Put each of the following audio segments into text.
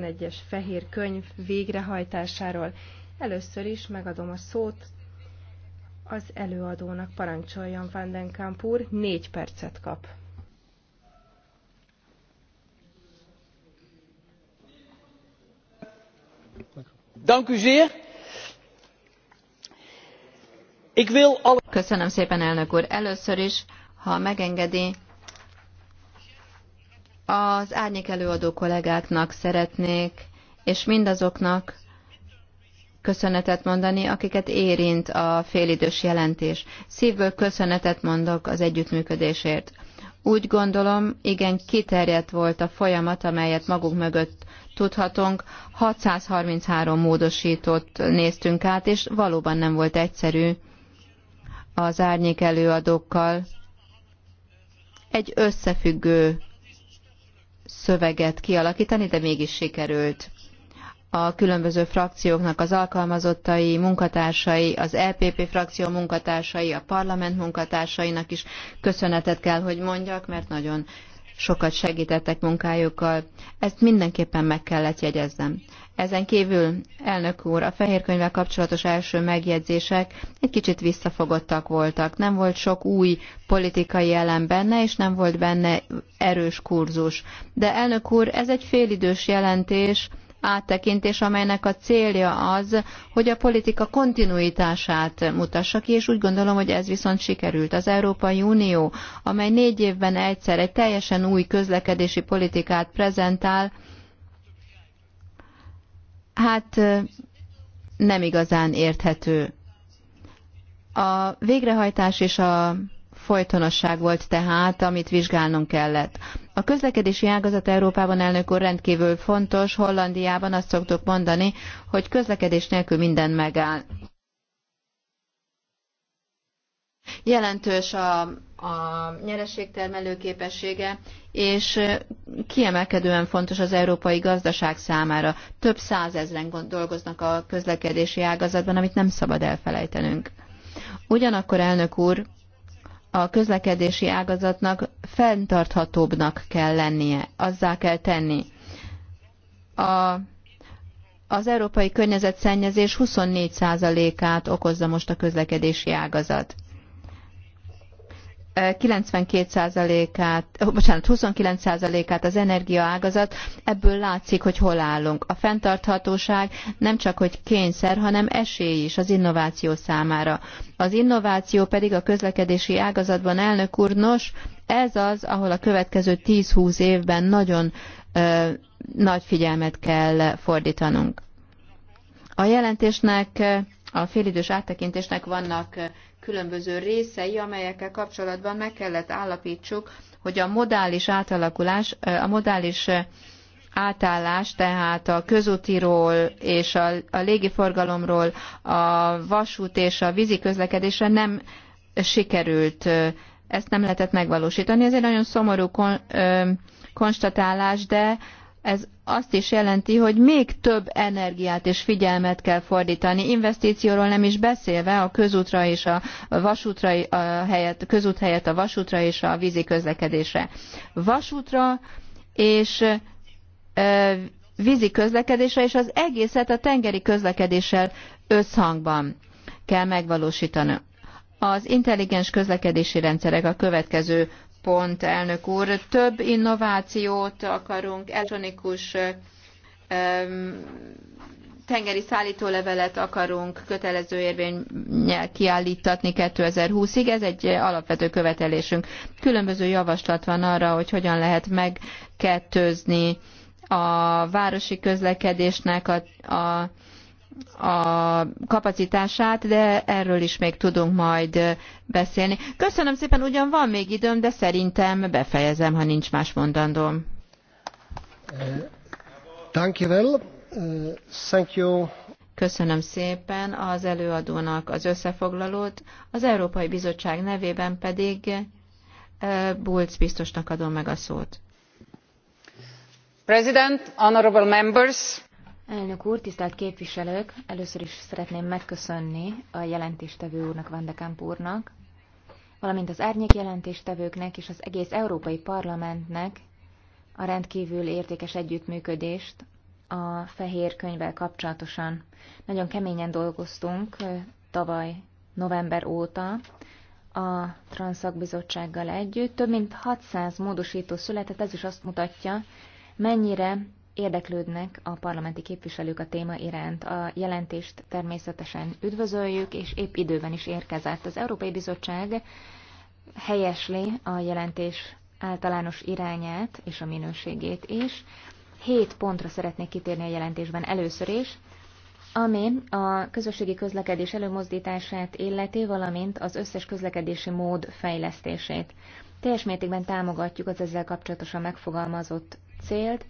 egyes fehér könyv végrehajtásáról. Először is megadom a szót az előadónak, parancsoljon Van den Kamp úr, négy percet kap. Köszönöm szépen, elnök úr. Először is, ha megengedi, az árnyék előadó kollégáknak szeretnék, és mindazoknak köszönetet mondani, akiket érint a félidős jelentés. Szívből köszönetet mondok az együttműködésért. Úgy gondolom, igen kiterjedt volt a folyamat, amelyet magunk mögött tudhatunk. 633 módosítót néztünk át, és valóban nem volt egyszerű az árnyék előadókkal egy összefüggő szöveget kialakítani, de mégis sikerült. A különböző frakcióknak az alkalmazottai, munkatársai, az LPP e frakció munkatársai, a parlament munkatársainak is köszönetet kell, hogy mondjak, mert nagyon sokat segítettek munkájukkal. Ezt mindenképpen meg kellett jegyeznem. Ezen kívül, elnök úr, a fehér könyvvel kapcsolatos első megjegyzések egy kicsit visszafogottak voltak. Nem volt sok új politikai elem benne, és nem volt benne erős kurzus. De elnök úr, ez egy félidős jelentés, áttekintés, amelynek a célja az, hogy a politika kontinuitását mutassa ki, és úgy gondolom, hogy ez viszont sikerült. Az Európai Unió, amely négy évben egyszer egy teljesen új közlekedési politikát prezentál, hát nem igazán érthető. A végrehajtás és a folytonosság volt tehát, amit vizsgálnunk kellett. A közlekedési ágazat Európában elnök úr rendkívül fontos, Hollandiában azt szoktuk mondani, hogy közlekedés nélkül minden megáll. Jelentős a a nyerességtermelő képessége, és kiemelkedően fontos az európai gazdaság számára. Több százezren dolgoznak a közlekedési ágazatban, amit nem szabad elfelejtenünk. Ugyanakkor, elnök úr, a közlekedési ágazatnak fenntarthatóbbnak kell lennie, azzá kell tenni. A, az európai környezetszennyezés 24%-át okozza most a közlekedési ágazat. 92%-át, bocsánat, 29%-át az energiaágazat, ebből látszik, hogy hol állunk. A fenntarthatóság nem csak, hogy kényszer, hanem esély is az innováció számára. Az innováció pedig a közlekedési ágazatban, elnök úr, nos, ez az, ahol a következő 10-20 évben nagyon ö, nagy figyelmet kell fordítanunk. A jelentésnek, a félidős áttekintésnek vannak különböző részei, amelyekkel kapcsolatban meg kellett állapítsuk, hogy a modális átalakulás, a modális átállás, tehát a közútiról és a, a légiforgalomról a vasút és a vízi közlekedésre nem sikerült, ezt nem lehetett megvalósítani. Ez egy nagyon szomorú kon, ö, konstatálás, de ez azt is jelenti, hogy még több energiát és figyelmet kell fordítani, investícióról nem is beszélve a közútra és a vasútra a helyett, közút helyett a vasútra és a vízi közlekedésre. Vasútra és e, vízi közlekedésre és az egészet a tengeri közlekedéssel összhangban kell megvalósítani. Az intelligens közlekedési rendszerek a következő pont, elnök úr. Több innovációt akarunk, elektronikus tengeri szállítólevelet akarunk kötelező érvényel kiállítatni 2020-ig, ez egy alapvető követelésünk. Különböző javaslat van arra, hogy hogyan lehet megkettőzni a városi közlekedésnek a, a a kapacitását, de erről is még tudunk majd beszélni. Köszönöm szépen, ugyan van még időm, de szerintem befejezem, ha nincs más mondandóm. Eh, eh, Köszönöm szépen az előadónak az összefoglalót, az Európai Bizottság nevében pedig eh, Bulc biztosnak adom meg a szót. President, honorable members, Elnök úr, tisztelt képviselők! Először is szeretném megköszönni a jelentéstevő úrnak, Vandekamp úrnak, valamint az árnyék jelentéstevőknek és az egész Európai Parlamentnek a rendkívül értékes együttműködést a fehér könyvvel kapcsolatosan. Nagyon keményen dolgoztunk tavaly november óta a Transzakbizottsággal együtt. Több mint 600 módosító született, ez is azt mutatja, mennyire érdeklődnek a parlamenti képviselők a téma iránt. A jelentést természetesen üdvözöljük, és épp időben is érkezett. Az Európai Bizottság helyesli a jelentés általános irányát és a minőségét is. Hét pontra szeretnék kitérni a jelentésben először is, ami a közösségi közlekedés előmozdítását illeti, valamint az összes közlekedési mód fejlesztését. Teljes mértékben támogatjuk az ezzel kapcsolatosan megfogalmazott célt,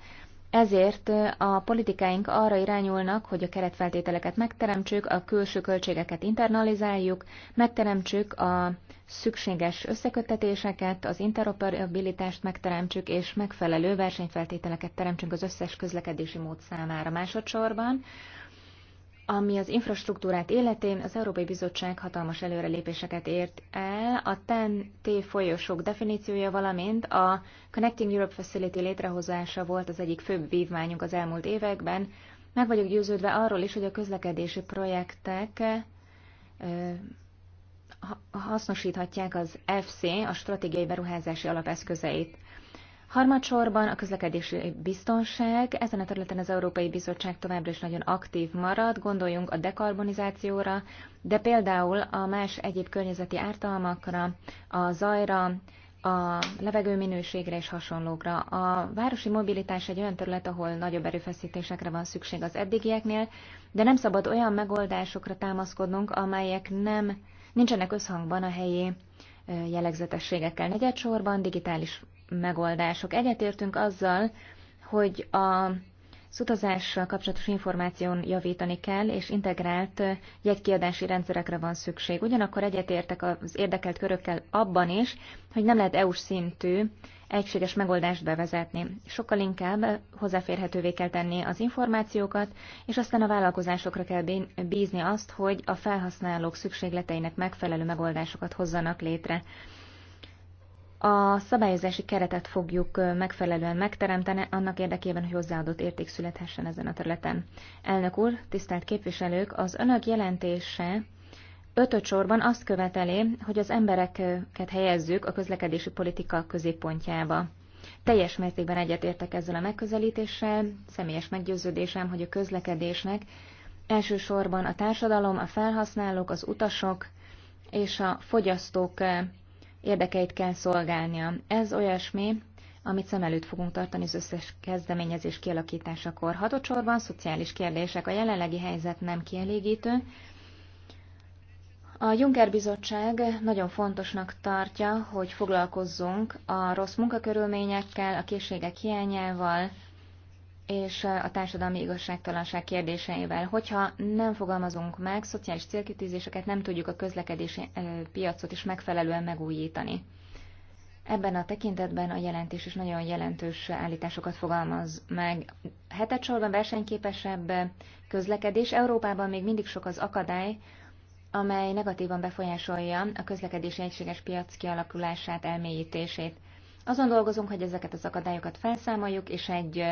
ezért a politikáink arra irányulnak, hogy a keretfeltételeket megteremtsük, a külső költségeket internalizáljuk, megteremtsük a szükséges összeköttetéseket, az interoperabilitást megteremtsük, és megfelelő versenyfeltételeket teremtsünk az összes közlekedési mód számára. Másodszorban ami az infrastruktúrát életén, az Európai Bizottság hatalmas előrelépéseket ért el. A TEN-T folyosók definíciója, valamint a Connecting Europe Facility létrehozása volt az egyik főbb vívmányunk az elmúlt években. Meg vagyok győződve arról is, hogy a közlekedési projektek hasznosíthatják az FC, a stratégiai beruházási alapeszközeit. Harmadsorban a közlekedési biztonság. Ezen a területen az Európai Bizottság továbbra is nagyon aktív marad. Gondoljunk a dekarbonizációra, de például a más egyéb környezeti ártalmakra, a zajra, a levegőminőségre és hasonlókra. A városi mobilitás egy olyan terület, ahol nagyobb erőfeszítésekre van szükség az eddigieknél, de nem szabad olyan megoldásokra támaszkodnunk, amelyek nem nincsenek összhangban a helyi jellegzetességekkel. Negyedsorban digitális megoldások. Egyetértünk azzal, hogy a az utazással kapcsolatos információn javítani kell, és integrált jegykiadási rendszerekre van szükség. Ugyanakkor egyetértek az érdekelt körökkel abban is, hogy nem lehet EU-s szintű egységes megoldást bevezetni. Sokkal inkább hozzáférhetővé kell tenni az információkat, és aztán a vállalkozásokra kell bízni azt, hogy a felhasználók szükségleteinek megfelelő megoldásokat hozzanak létre. A szabályozási keretet fogjuk megfelelően megteremteni annak érdekében, hogy hozzáadott érték születhessen ezen a területen. Elnök úr, tisztelt képviselők, az önök jelentése ötöt sorban azt követeli, hogy az embereket helyezzük a közlekedési politika középpontjába. Teljes mértékben egyetértek ezzel a megközelítéssel, személyes meggyőződésem, hogy a közlekedésnek elsősorban a társadalom, a felhasználók, az utasok és a fogyasztók érdekeit kell szolgálnia. Ez olyasmi, amit szem előtt fogunk tartani az összes kezdeményezés kialakításakor. Hadocsorban szociális kérdések. A jelenlegi helyzet nem kielégítő. A Juncker Bizottság nagyon fontosnak tartja, hogy foglalkozzunk a rossz munkakörülményekkel, a készségek hiányával, és a társadalmi igazságtalanság kérdéseivel. Hogyha nem fogalmazunk meg, szociális célkitűzéseket nem tudjuk a közlekedési piacot is megfelelően megújítani. Ebben a tekintetben a jelentés is nagyon jelentős állításokat fogalmaz meg. Hetet sorban versenyképesebb közlekedés. Európában még mindig sok az akadály, amely negatívan befolyásolja a közlekedési egységes piac kialakulását, elmélyítését. Azon dolgozunk, hogy ezeket az akadályokat felszámoljuk, és egy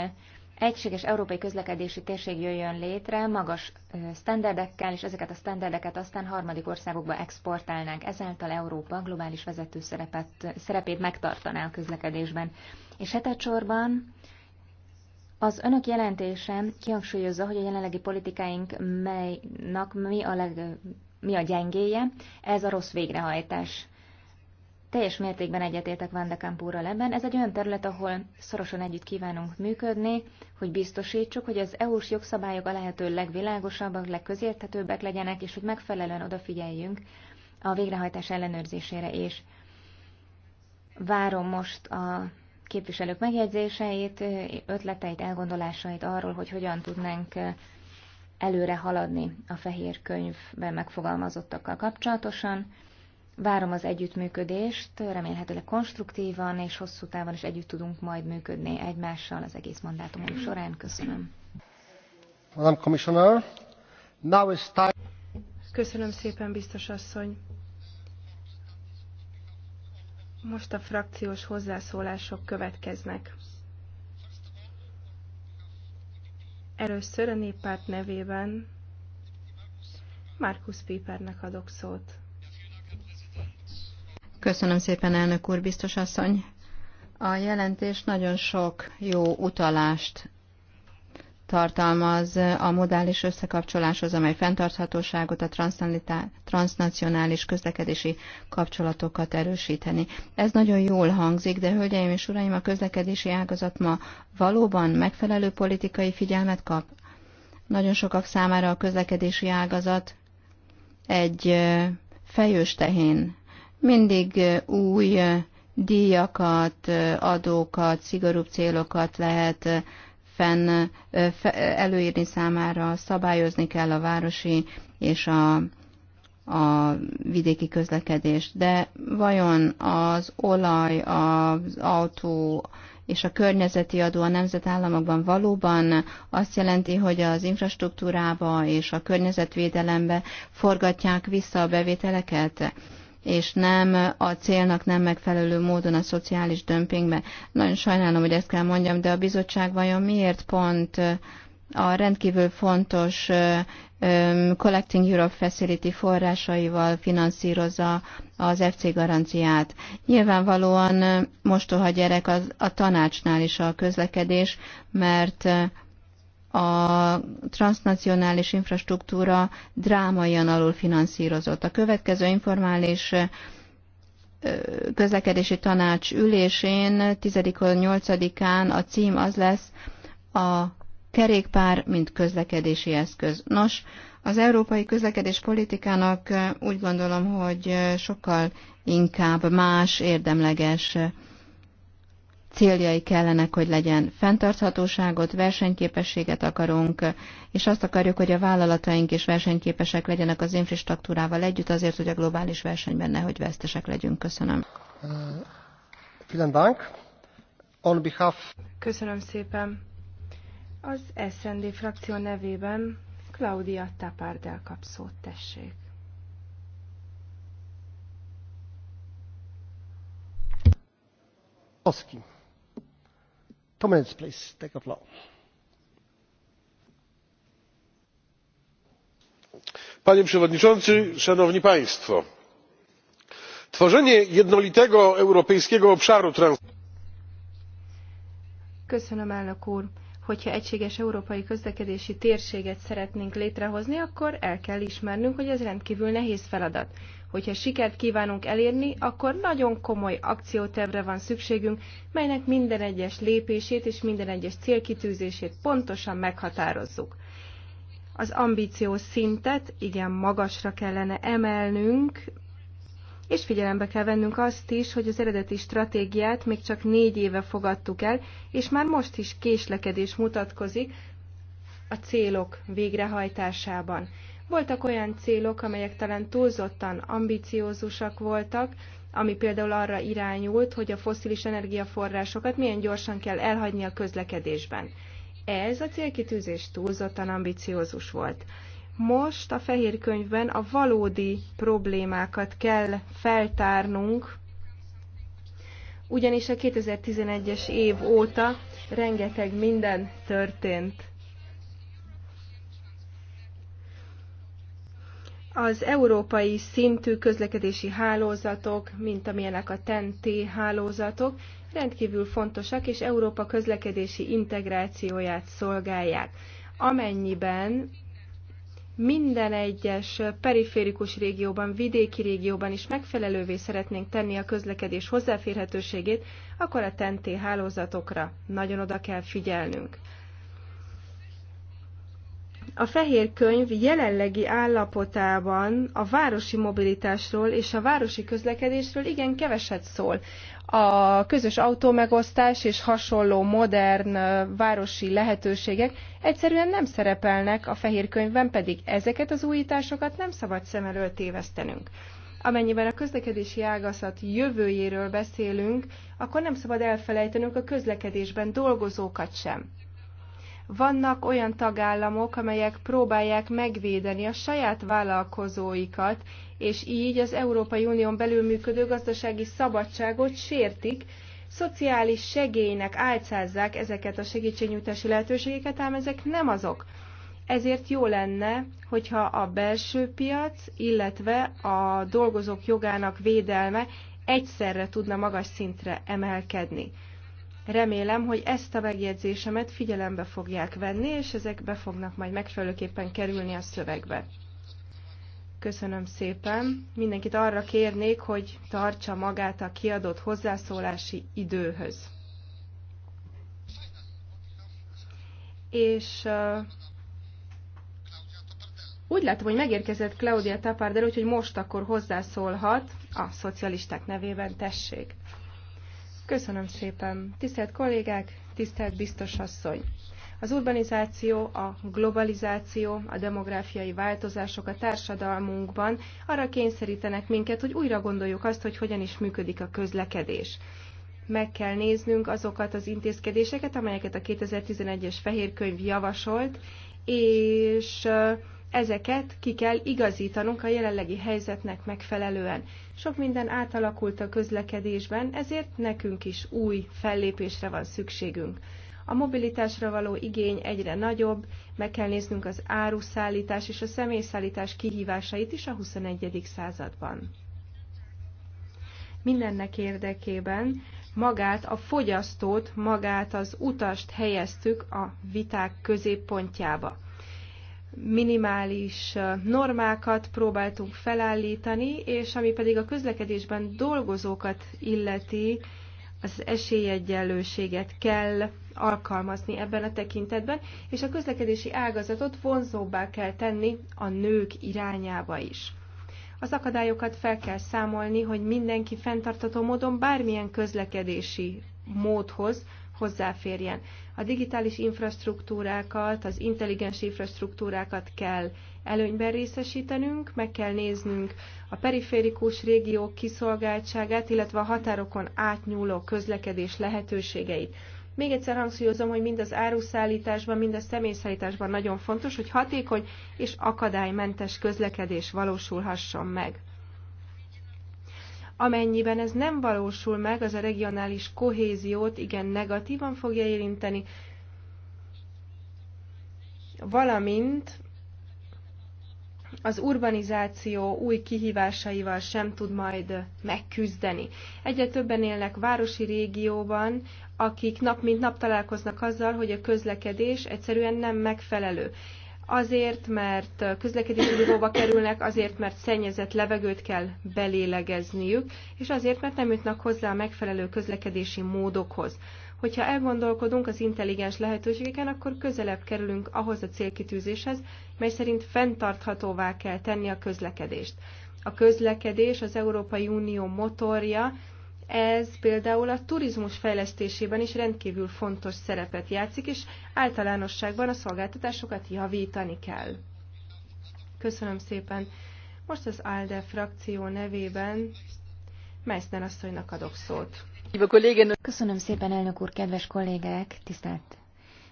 egységes európai közlekedési térség jöjjön létre magas sztenderdekkel, és ezeket a sztenderdeket aztán harmadik országokba exportálnánk. Ezáltal Európa globális vezető szerepet, szerepét megtartaná a közlekedésben. És hetecsorban az önök jelentése kihangsúlyozza, hogy a jelenlegi politikáink melynak mi a, leg, mi a gyengéje, ez a rossz végrehajtás. Teljes mértékben egyetértek Van de ebben. Ez egy olyan terület, ahol szorosan együtt kívánunk működni, hogy biztosítsuk, hogy az EU-s jogszabályok a lehető legvilágosabbak, legközérthetőbbek legyenek, és hogy megfelelően odafigyeljünk a végrehajtás ellenőrzésére is. Várom most a képviselők megjegyzéseit, ötleteit, elgondolásait arról, hogy hogyan tudnánk előre haladni a fehér könyvben megfogalmazottakkal kapcsolatosan. Várom az együttműködést, remélhetőleg konstruktívan és hosszú távon is együtt tudunk majd működni egymással az egész mandátumunk során. Köszönöm. Madam Commissioner, now is time... Köszönöm szépen, biztos asszony. Most a frakciós hozzászólások következnek. Először a néppárt nevében Markus Pipernek adok szót. Köszönöm szépen, elnök úr, biztos asszony. A jelentés nagyon sok jó utalást tartalmaz a modális összekapcsoláshoz, amely fenntarthatóságot, a transnacionális közlekedési kapcsolatokat erősíteni. Ez nagyon jól hangzik, de hölgyeim és uraim, a közlekedési ágazat ma valóban megfelelő politikai figyelmet kap? Nagyon sokak számára a közlekedési ágazat egy fejős tehén mindig új díjakat, adókat, szigorúbb célokat lehet fenn előírni számára, szabályozni kell a városi és a, a vidéki közlekedést. De vajon az olaj, az autó és a környezeti adó a nemzetállamokban valóban azt jelenti, hogy az infrastruktúrába és a környezetvédelembe forgatják vissza a bevételeket? és nem a célnak nem megfelelő módon a szociális dömpingbe. Nagyon sajnálom, hogy ezt kell mondjam, de a bizottság vajon miért pont a rendkívül fontos Collecting Europe Facility forrásaival finanszírozza az FC garanciát. Nyilvánvalóan mostoha gyerek az, a tanácsnál is a közlekedés, mert a transnacionális infrastruktúra drámaian alul finanszírozott. A következő informális közlekedési tanács ülésén 10-8-án a cím az lesz a kerékpár, mint közlekedési eszköz. Nos, az európai közlekedés politikának úgy gondolom, hogy sokkal inkább más, érdemleges céljai kellenek, hogy legyen. Fenntarthatóságot, versenyképességet akarunk, és azt akarjuk, hogy a vállalataink is versenyképesek legyenek az infrastruktúrával együtt, azért, hogy a globális versenyben ne, hogy vesztesek legyünk. Köszönöm. Uh, Köszönöm szépen. Az SND frakció nevében Claudia Tapárdel kap szót, tessék. Köszönöm. Two minutes, please. Take the floor. Panie Przewodniczący, Szanowni Państwo! Tworzenie jednolitego europejskiego obszaru transportu hogyha egységes európai közlekedési térséget szeretnénk létrehozni, akkor el kell ismernünk, hogy ez rendkívül nehéz feladat. Hogyha sikert kívánunk elérni, akkor nagyon komoly akciótervre van szükségünk, melynek minden egyes lépését és minden egyes célkitűzését pontosan meghatározzuk. Az ambíció szintet igen magasra kellene emelnünk, és figyelembe kell vennünk azt is, hogy az eredeti stratégiát még csak négy éve fogadtuk el, és már most is késlekedés mutatkozik a célok végrehajtásában. Voltak olyan célok, amelyek talán túlzottan ambiciózusak voltak, ami például arra irányult, hogy a foszilis energiaforrásokat milyen gyorsan kell elhagyni a közlekedésben. Ez a célkitűzés túlzottan ambiciózus volt. Most a fehér könyvben a valódi problémákat kell feltárnunk, ugyanis a 2011-es év óta rengeteg minden történt. Az európai szintű közlekedési hálózatok, mint amilyenek a TEN-T hálózatok, rendkívül fontosak, és Európa közlekedési integrációját szolgálják. Amennyiben minden egyes periférikus régióban, vidéki régióban is megfelelővé szeretnénk tenni a közlekedés hozzáférhetőségét, akkor a TNT hálózatokra nagyon oda kell figyelnünk. A fehér könyv jelenlegi állapotában a városi mobilitásról és a városi közlekedésről igen keveset szól. A közös autómegosztás és hasonló modern városi lehetőségek egyszerűen nem szerepelnek, a fehér könyvben pedig ezeket az újításokat nem szabad szem elől tévesztenünk. Amennyiben a közlekedési ágazat jövőjéről beszélünk, akkor nem szabad elfelejtenünk a közlekedésben dolgozókat sem vannak olyan tagállamok, amelyek próbálják megvédeni a saját vállalkozóikat, és így az Európai Unión belül működő gazdasági szabadságot sértik, szociális segélynek álcázzák ezeket a segítségnyújtási lehetőségeket, ám ezek nem azok. Ezért jó lenne, hogyha a belső piac, illetve a dolgozók jogának védelme egyszerre tudna magas szintre emelkedni. Remélem, hogy ezt a megjegyzésemet figyelembe fogják venni, és ezek be fognak majd megfelelőképpen kerülni a szövegbe. Köszönöm szépen. Mindenkit arra kérnék, hogy tartsa magát a kiadott hozzászólási időhöz. És uh, úgy látom, hogy megérkezett Claudia Tapardel, úgyhogy most akkor hozzászólhat a szocialisták nevében, tessék. Köszönöm szépen. Tisztelt kollégák, tisztelt biztos asszony. Az urbanizáció, a globalizáció, a demográfiai változások a társadalmunkban arra kényszerítenek minket, hogy újra gondoljuk azt, hogy hogyan is működik a közlekedés meg kell néznünk azokat az intézkedéseket, amelyeket a 2011-es fehérkönyv javasolt, és ezeket ki kell igazítanunk a jelenlegi helyzetnek megfelelően. Sok minden átalakult a közlekedésben, ezért nekünk is új fellépésre van szükségünk. A mobilitásra való igény egyre nagyobb, meg kell néznünk az áruszállítás és a személyszállítás kihívásait is a 21. században. Mindennek érdekében magát, a fogyasztót, magát az utast helyeztük a viták középpontjába minimális normákat próbáltunk felállítani, és ami pedig a közlekedésben dolgozókat illeti, az esélyegyenlőséget kell alkalmazni ebben a tekintetben, és a közlekedési ágazatot vonzóbbá kell tenni a nők irányába is. Az akadályokat fel kell számolni, hogy mindenki fenntartató módon bármilyen közlekedési módhoz hozzáférjen. A digitális infrastruktúrákat, az intelligens infrastruktúrákat kell előnyben részesítenünk, meg kell néznünk a periférikus régiók kiszolgáltságát, illetve a határokon átnyúló közlekedés lehetőségeit. Még egyszer hangsúlyozom, hogy mind az áruszállításban, mind a személyszállításban nagyon fontos, hogy hatékony és akadálymentes közlekedés valósulhasson meg. Amennyiben ez nem valósul meg, az a regionális kohéziót igen negatívan fogja érinteni, valamint az urbanizáció új kihívásaival sem tud majd megküzdeni. Egyre többen élnek városi régióban, akik nap mint nap találkoznak azzal, hogy a közlekedés egyszerűen nem megfelelő azért, mert közlekedési dugóba kerülnek, azért, mert szennyezett levegőt kell belélegezniük, és azért, mert nem jutnak hozzá a megfelelő közlekedési módokhoz. Hogyha elgondolkodunk az intelligens lehetőségeken, akkor közelebb kerülünk ahhoz a célkitűzéshez, mely szerint fenntarthatóvá kell tenni a közlekedést. A közlekedés az Európai Unió motorja, ez például a turizmus fejlesztésében is rendkívül fontos szerepet játszik, és általánosságban a szolgáltatásokat javítani kell. Köszönöm szépen. Most az ALDE frakció nevében Meissner asszonynak adok szót. Köszönöm szépen, elnök úr, kedves kollégák, tisztelt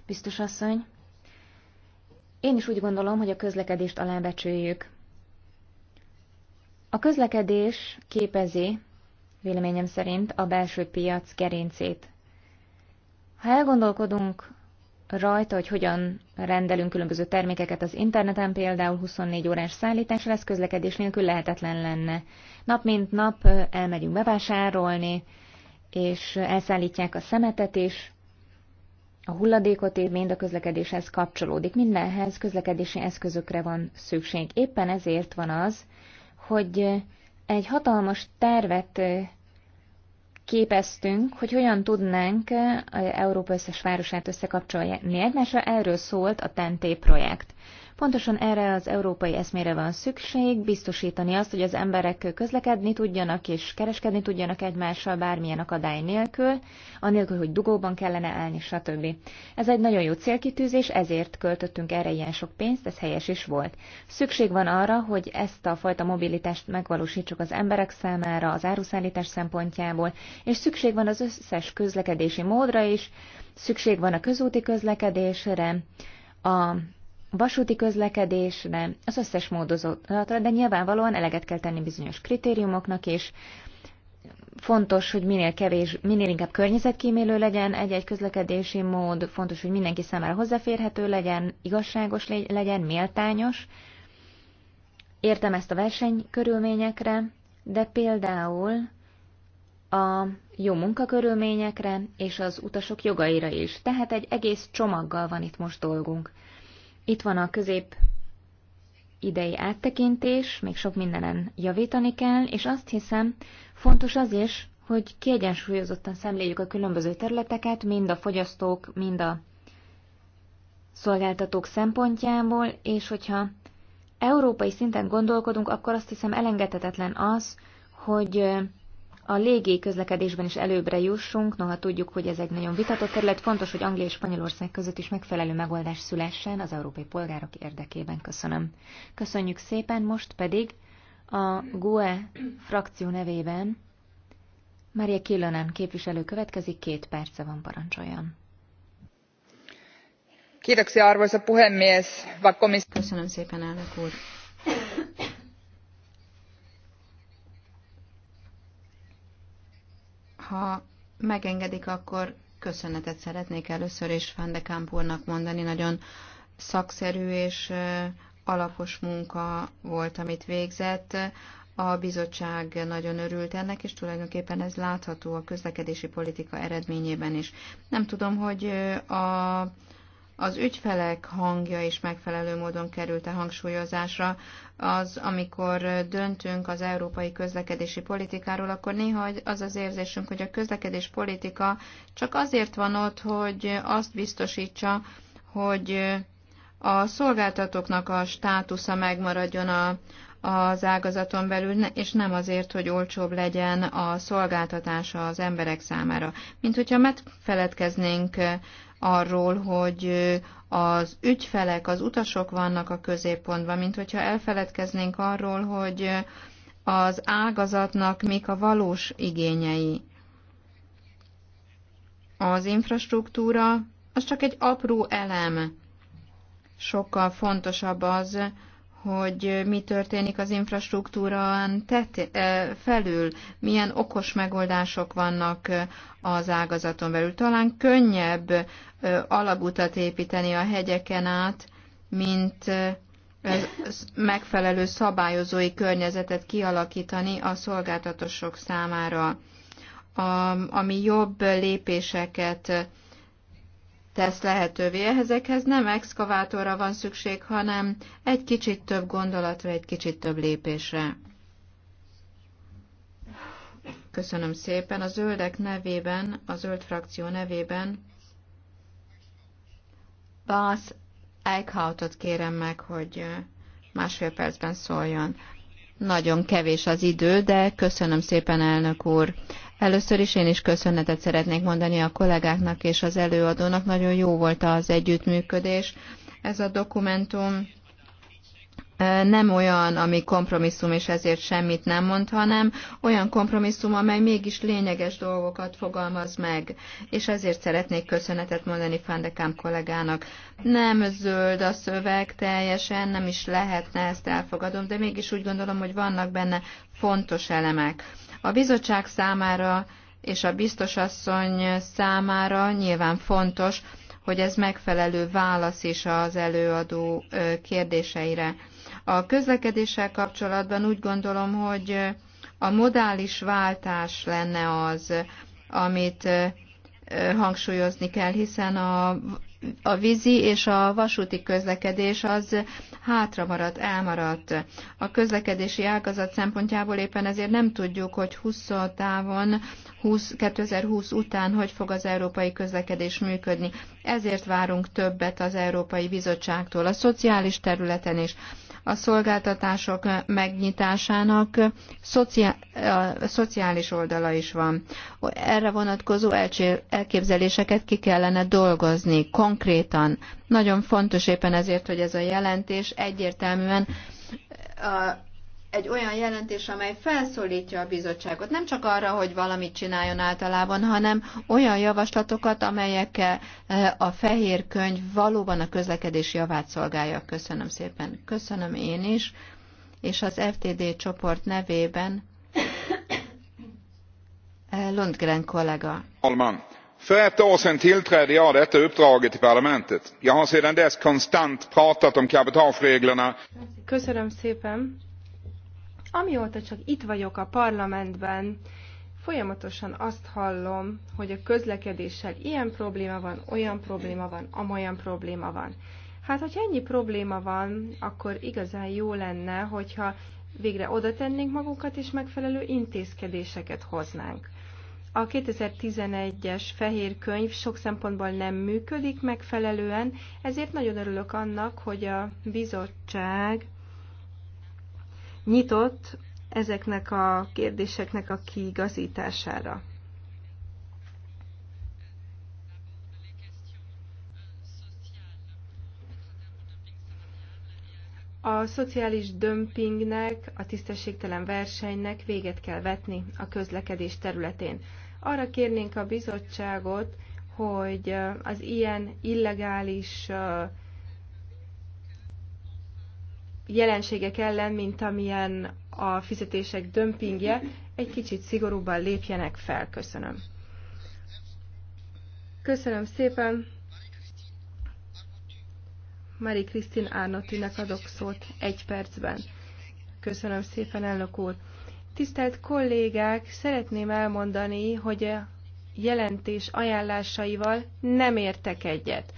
biztos asszony. Én is úgy gondolom, hogy a közlekedést alábecsüljük. A közlekedés képezi véleményem szerint a belső piac gerincét. Ha elgondolkodunk rajta, hogy hogyan rendelünk különböző termékeket az interneten, például 24 órás szállításra, ez közlekedés nélkül lehetetlen lenne. Nap mint nap elmegyünk bevásárolni, és elszállítják a szemetet is, a hulladékot is, mind a közlekedéshez kapcsolódik, mindenhez közlekedési eszközökre van szükség. Éppen ezért van az, hogy egy hatalmas tervet képeztünk, hogy hogyan tudnánk Európa összes városát összekapcsolni egymásra, erről szólt a TENTÉ projekt. Pontosan erre az európai eszmére van szükség, biztosítani azt, hogy az emberek közlekedni tudjanak és kereskedni tudjanak egymással bármilyen akadály nélkül, anélkül, hogy dugóban kellene állni, stb. Ez egy nagyon jó célkitűzés, ezért költöttünk erre ilyen sok pénzt, ez helyes is volt. Szükség van arra, hogy ezt a fajta mobilitást megvalósítsuk az emberek számára, az áruszállítás szempontjából, és szükség van az összes közlekedési módra is, szükség van a közúti közlekedésre, a vasúti közlekedésre, az összes módozatra, de nyilvánvalóan eleget kell tenni bizonyos kritériumoknak, és fontos, hogy minél kevés, minél inkább környezetkímélő legyen egy-egy közlekedési mód, fontos, hogy mindenki számára hozzáférhető legyen, igazságos legyen, méltányos. Értem ezt a versenykörülményekre, de például a jó munkakörülményekre és az utasok jogaira is. Tehát egy egész csomaggal van itt most dolgunk. Itt van a közép idei áttekintés, még sok mindenen javítani kell, és azt hiszem, fontos az is, hogy kiegyensúlyozottan szemléljük a különböző területeket, mind a fogyasztók, mind a szolgáltatók szempontjából, és hogyha európai szinten gondolkodunk, akkor azt hiszem elengedhetetlen az, hogy a légi közlekedésben is előbbre jussunk, noha tudjuk, hogy ez egy nagyon vitatott terület, fontos, hogy Anglia és Spanyolország között is megfelelő megoldás szülessen az európai polgárok érdekében. Köszönöm. Köszönjük szépen, most pedig a GUE frakció nevében Maria Killonen képviselő következik, két perce van parancsoljon. Kiitoksia arvoisa puhemies. Köszönöm szépen, elnök úr. Ha megengedik, akkor köszönetet szeretnék először is Van de Kamp úrnak mondani. Nagyon szakszerű és alapos munka volt, amit végzett. A bizottság nagyon örült ennek, és tulajdonképpen ez látható a közlekedési politika eredményében is. Nem tudom, hogy a az ügyfelek hangja is megfelelő módon került a hangsúlyozásra. Az, amikor döntünk az európai közlekedési politikáról, akkor néha az az érzésünk, hogy a közlekedés politika csak azért van ott, hogy azt biztosítsa, hogy a szolgáltatóknak a státusza megmaradjon a, az ágazaton belül, és nem azért, hogy olcsóbb legyen a szolgáltatása az emberek számára. Mint hogyha megfeledkeznénk arról, hogy az ügyfelek, az utasok vannak a középpontban, mint hogyha elfeledkeznénk arról, hogy az ágazatnak mik a valós igényei. Az infrastruktúra az csak egy apró elem. Sokkal fontosabb az, hogy mi történik az infrastruktúrán eh, felül, milyen okos megoldások vannak eh, az ágazaton belül. Talán könnyebb eh, alagutat építeni a hegyeken át, mint megfelelő szabályozói környezetet kialakítani a szolgáltatósok számára, ami jobb lépéseket tesz lehetővé. Ezekhez nem exkavátorra van szükség, hanem egy kicsit több gondolatra, egy kicsit több lépésre. Köszönöm szépen. A zöldek nevében, a zöld frakció nevében Bas Eichhautot kérem meg, hogy másfél percben szóljon. Nagyon kevés az idő, de köszönöm szépen, elnök úr. Először is én is köszönetet szeretnék mondani a kollégáknak és az előadónak. Nagyon jó volt az együttműködés. Ez a dokumentum nem olyan, ami kompromisszum, és ezért semmit nem mond, hanem olyan kompromisszum, amely mégis lényeges dolgokat fogalmaz meg. És ezért szeretnék köszönetet mondani Fandekám kollégának. Nem zöld a szöveg teljesen, nem is lehetne, ezt elfogadom, de mégis úgy gondolom, hogy vannak benne fontos elemek. A bizottság számára és a biztosasszony számára nyilván fontos, hogy ez megfelelő válasz is az előadó kérdéseire a közlekedéssel kapcsolatban úgy gondolom, hogy a modális váltás lenne az, amit hangsúlyozni kell, hiszen a, a vízi és a vasúti közlekedés az hátra maradt, elmaradt. A közlekedési ágazat szempontjából éppen ezért nem tudjuk, hogy 20 távon, 20, 2020 után hogy fog az európai közlekedés működni. Ezért várunk többet az Európai Bizottságtól, a szociális területen is a szolgáltatások megnyitásának szociális oldala is van. Erre vonatkozó elképzeléseket ki kellene dolgozni konkrétan. Nagyon fontos éppen ezért, hogy ez a jelentés egyértelműen egy olyan jelentés, amely felszólítja a bizottságot nem csak arra, hogy valamit csináljon általában, hanem olyan javaslatokat, amelyekkel eh, a fehér könyv valóban a közlekedés javát szolgálja. Köszönöm szépen. Köszönöm én is, és az FTD csoport nevében eh, Lundgren kollega. Alman. För ett år sedan tillträdde jag detta uppdraget i parlamentet. Jag har sedan dess konstant pratat om cabotagereglerna. Köszönöm szépen. Amióta csak itt vagyok a parlamentben, folyamatosan azt hallom, hogy a közlekedéssel ilyen probléma van, olyan probléma van, amolyan probléma van. Hát, hogyha ennyi probléma van, akkor igazán jó lenne, hogyha végre oda tennénk magunkat, és megfelelő intézkedéseket hoznánk. A 2011-es fehér könyv sok szempontból nem működik megfelelően, ezért nagyon örülök annak, hogy a bizottság nyitott ezeknek a kérdéseknek a kiigazítására. A szociális dömpingnek, a tisztességtelen versenynek véget kell vetni a közlekedés területén. Arra kérnénk a bizottságot, hogy az ilyen illegális jelenségek ellen, mint amilyen a fizetések dömpingje, egy kicsit szigorúbban lépjenek fel. Köszönöm. Köszönöm szépen. Mari Krisztin Árnotinak adok szót egy percben. Köszönöm szépen, elnök úr. Tisztelt kollégák, szeretném elmondani, hogy a jelentés ajánlásaival nem értek egyet.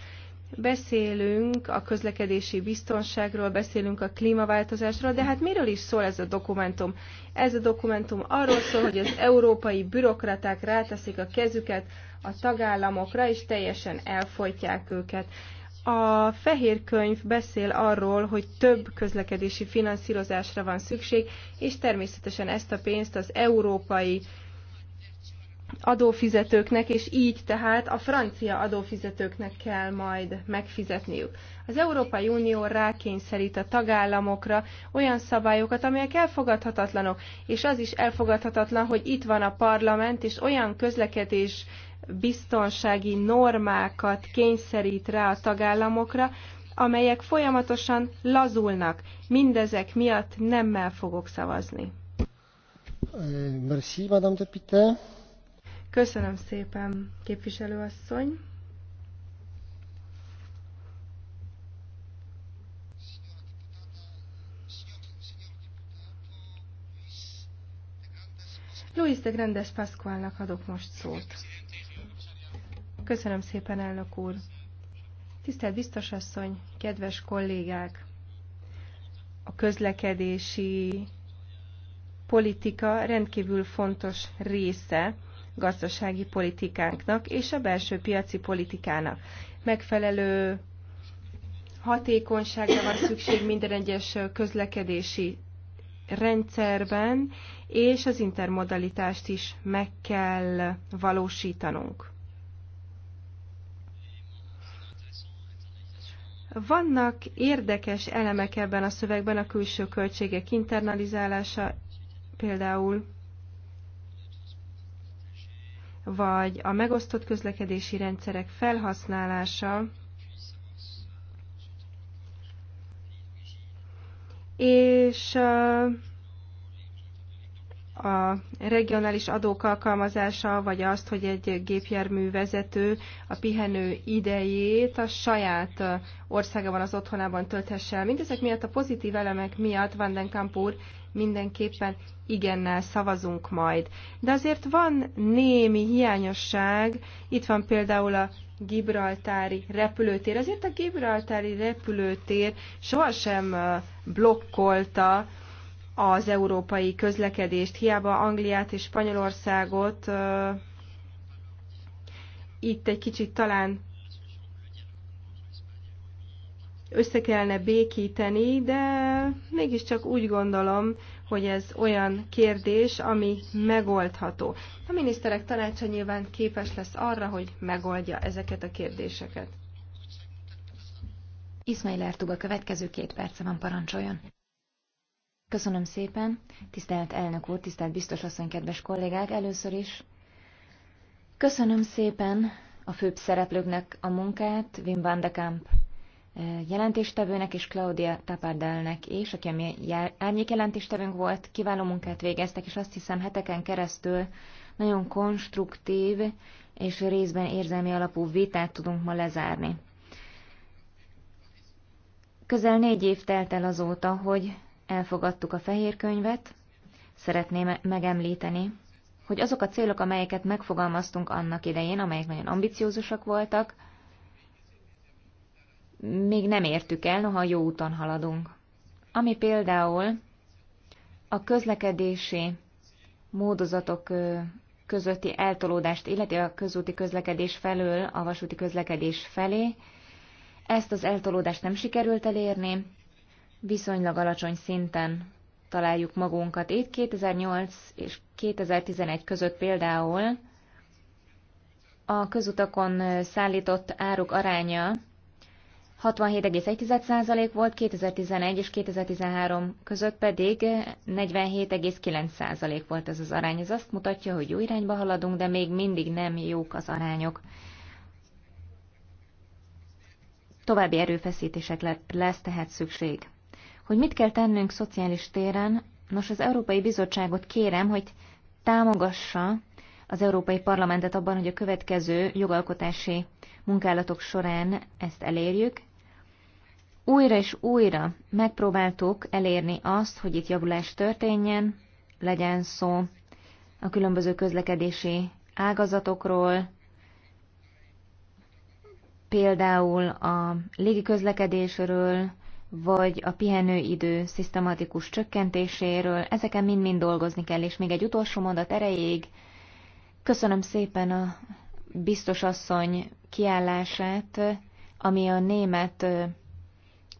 Beszélünk a közlekedési biztonságról, beszélünk a klímaváltozásról, de hát miről is szól ez a dokumentum? Ez a dokumentum arról szól, hogy az európai bürokraták ráteszik a kezüket a tagállamokra, és teljesen elfolytják őket. A fehér könyv beszél arról, hogy több közlekedési finanszírozásra van szükség, és természetesen ezt a pénzt az európai adófizetőknek, és így tehát a francia adófizetőknek kell majd megfizetniük. Az Európai Unió rákényszerít a tagállamokra olyan szabályokat, amelyek elfogadhatatlanok, és az is elfogadhatatlan, hogy itt van a parlament, és olyan közlekedés biztonsági normákat kényszerít rá a tagállamokra, amelyek folyamatosan lazulnak. Mindezek miatt nemmel fogok szavazni. Merci, Madame de Köszönöm szépen, képviselőasszony. Luis de Grandes Pascualnak adok most szót. Köszönöm szépen, elnök úr. Tisztelt biztosasszony, kedves kollégák! A közlekedési politika rendkívül fontos része gazdasági politikánknak és a belső piaci politikának. Megfelelő hatékonyságra van szükség minden egyes közlekedési rendszerben, és az intermodalitást is meg kell valósítanunk. Vannak érdekes elemek ebben a szövegben, a külső költségek internalizálása például vagy a megosztott közlekedési rendszerek felhasználása, és a regionális adók alkalmazása, vagy azt, hogy egy gépjármű vezető a pihenő idejét a saját országában, az otthonában tölthesse el. Mindezek miatt a pozitív elemek miatt Van den Kamp úr mindenképpen igennel szavazunk majd. De azért van némi hiányosság, itt van például a Gibraltári repülőtér. Azért a Gibraltári repülőtér sohasem blokkolta az európai közlekedést, hiába Angliát és Spanyolországot itt egy kicsit talán össze kellene békíteni, de mégiscsak úgy gondolom, hogy ez olyan kérdés, ami megoldható. A miniszterek tanácsa nyilván képes lesz arra, hogy megoldja ezeket a kérdéseket. Ismail Ertug a következő két perce van parancsoljon. Köszönöm szépen, tisztelt elnök úr, tisztelt biztos asszony, kedves kollégák, először is. Köszönöm szépen a főbb szereplőknek a munkát, Wim van de Kamp eh, jelentéstevőnek és Claudia Tapardelnek és aki a mi árnyék jelentéstevőnk volt, kiváló munkát végeztek, és azt hiszem heteken keresztül nagyon konstruktív és részben érzelmi alapú vitát tudunk ma lezárni. Közel négy év telt el azóta, hogy elfogadtuk a fehér könyvet, szeretném megemlíteni, hogy azok a célok, amelyeket megfogalmaztunk annak idején, amelyek nagyon ambiciózusak voltak, még nem értük el, noha jó úton haladunk. Ami például a közlekedési módozatok közötti eltolódást, illeti a közúti közlekedés felől a vasúti közlekedés felé. Ezt az eltolódást nem sikerült elérni, viszonylag alacsony szinten találjuk magunkat. Itt 2008 és 2011 között például a közutakon szállított áruk aránya 67,1% volt, 2011 és 2013 között pedig 47,9% volt ez az arány. Ez azt mutatja, hogy jó irányba haladunk, de még mindig nem jók az arányok. További erőfeszítések lesz tehát szükség. Hogy mit kell tennünk szociális téren, nos az Európai Bizottságot kérem, hogy támogassa az Európai Parlamentet abban, hogy a következő jogalkotási munkálatok során ezt elérjük. Újra és újra megpróbáltuk elérni azt, hogy itt javulás történjen, legyen szó a különböző közlekedési ágazatokról, például a légiközlekedésről, vagy a pihenőidő szisztematikus csökkentéséről. Ezeken mind-mind dolgozni kell, és még egy utolsó mondat erejéig. Köszönöm szépen a biztos asszony kiállását, ami a német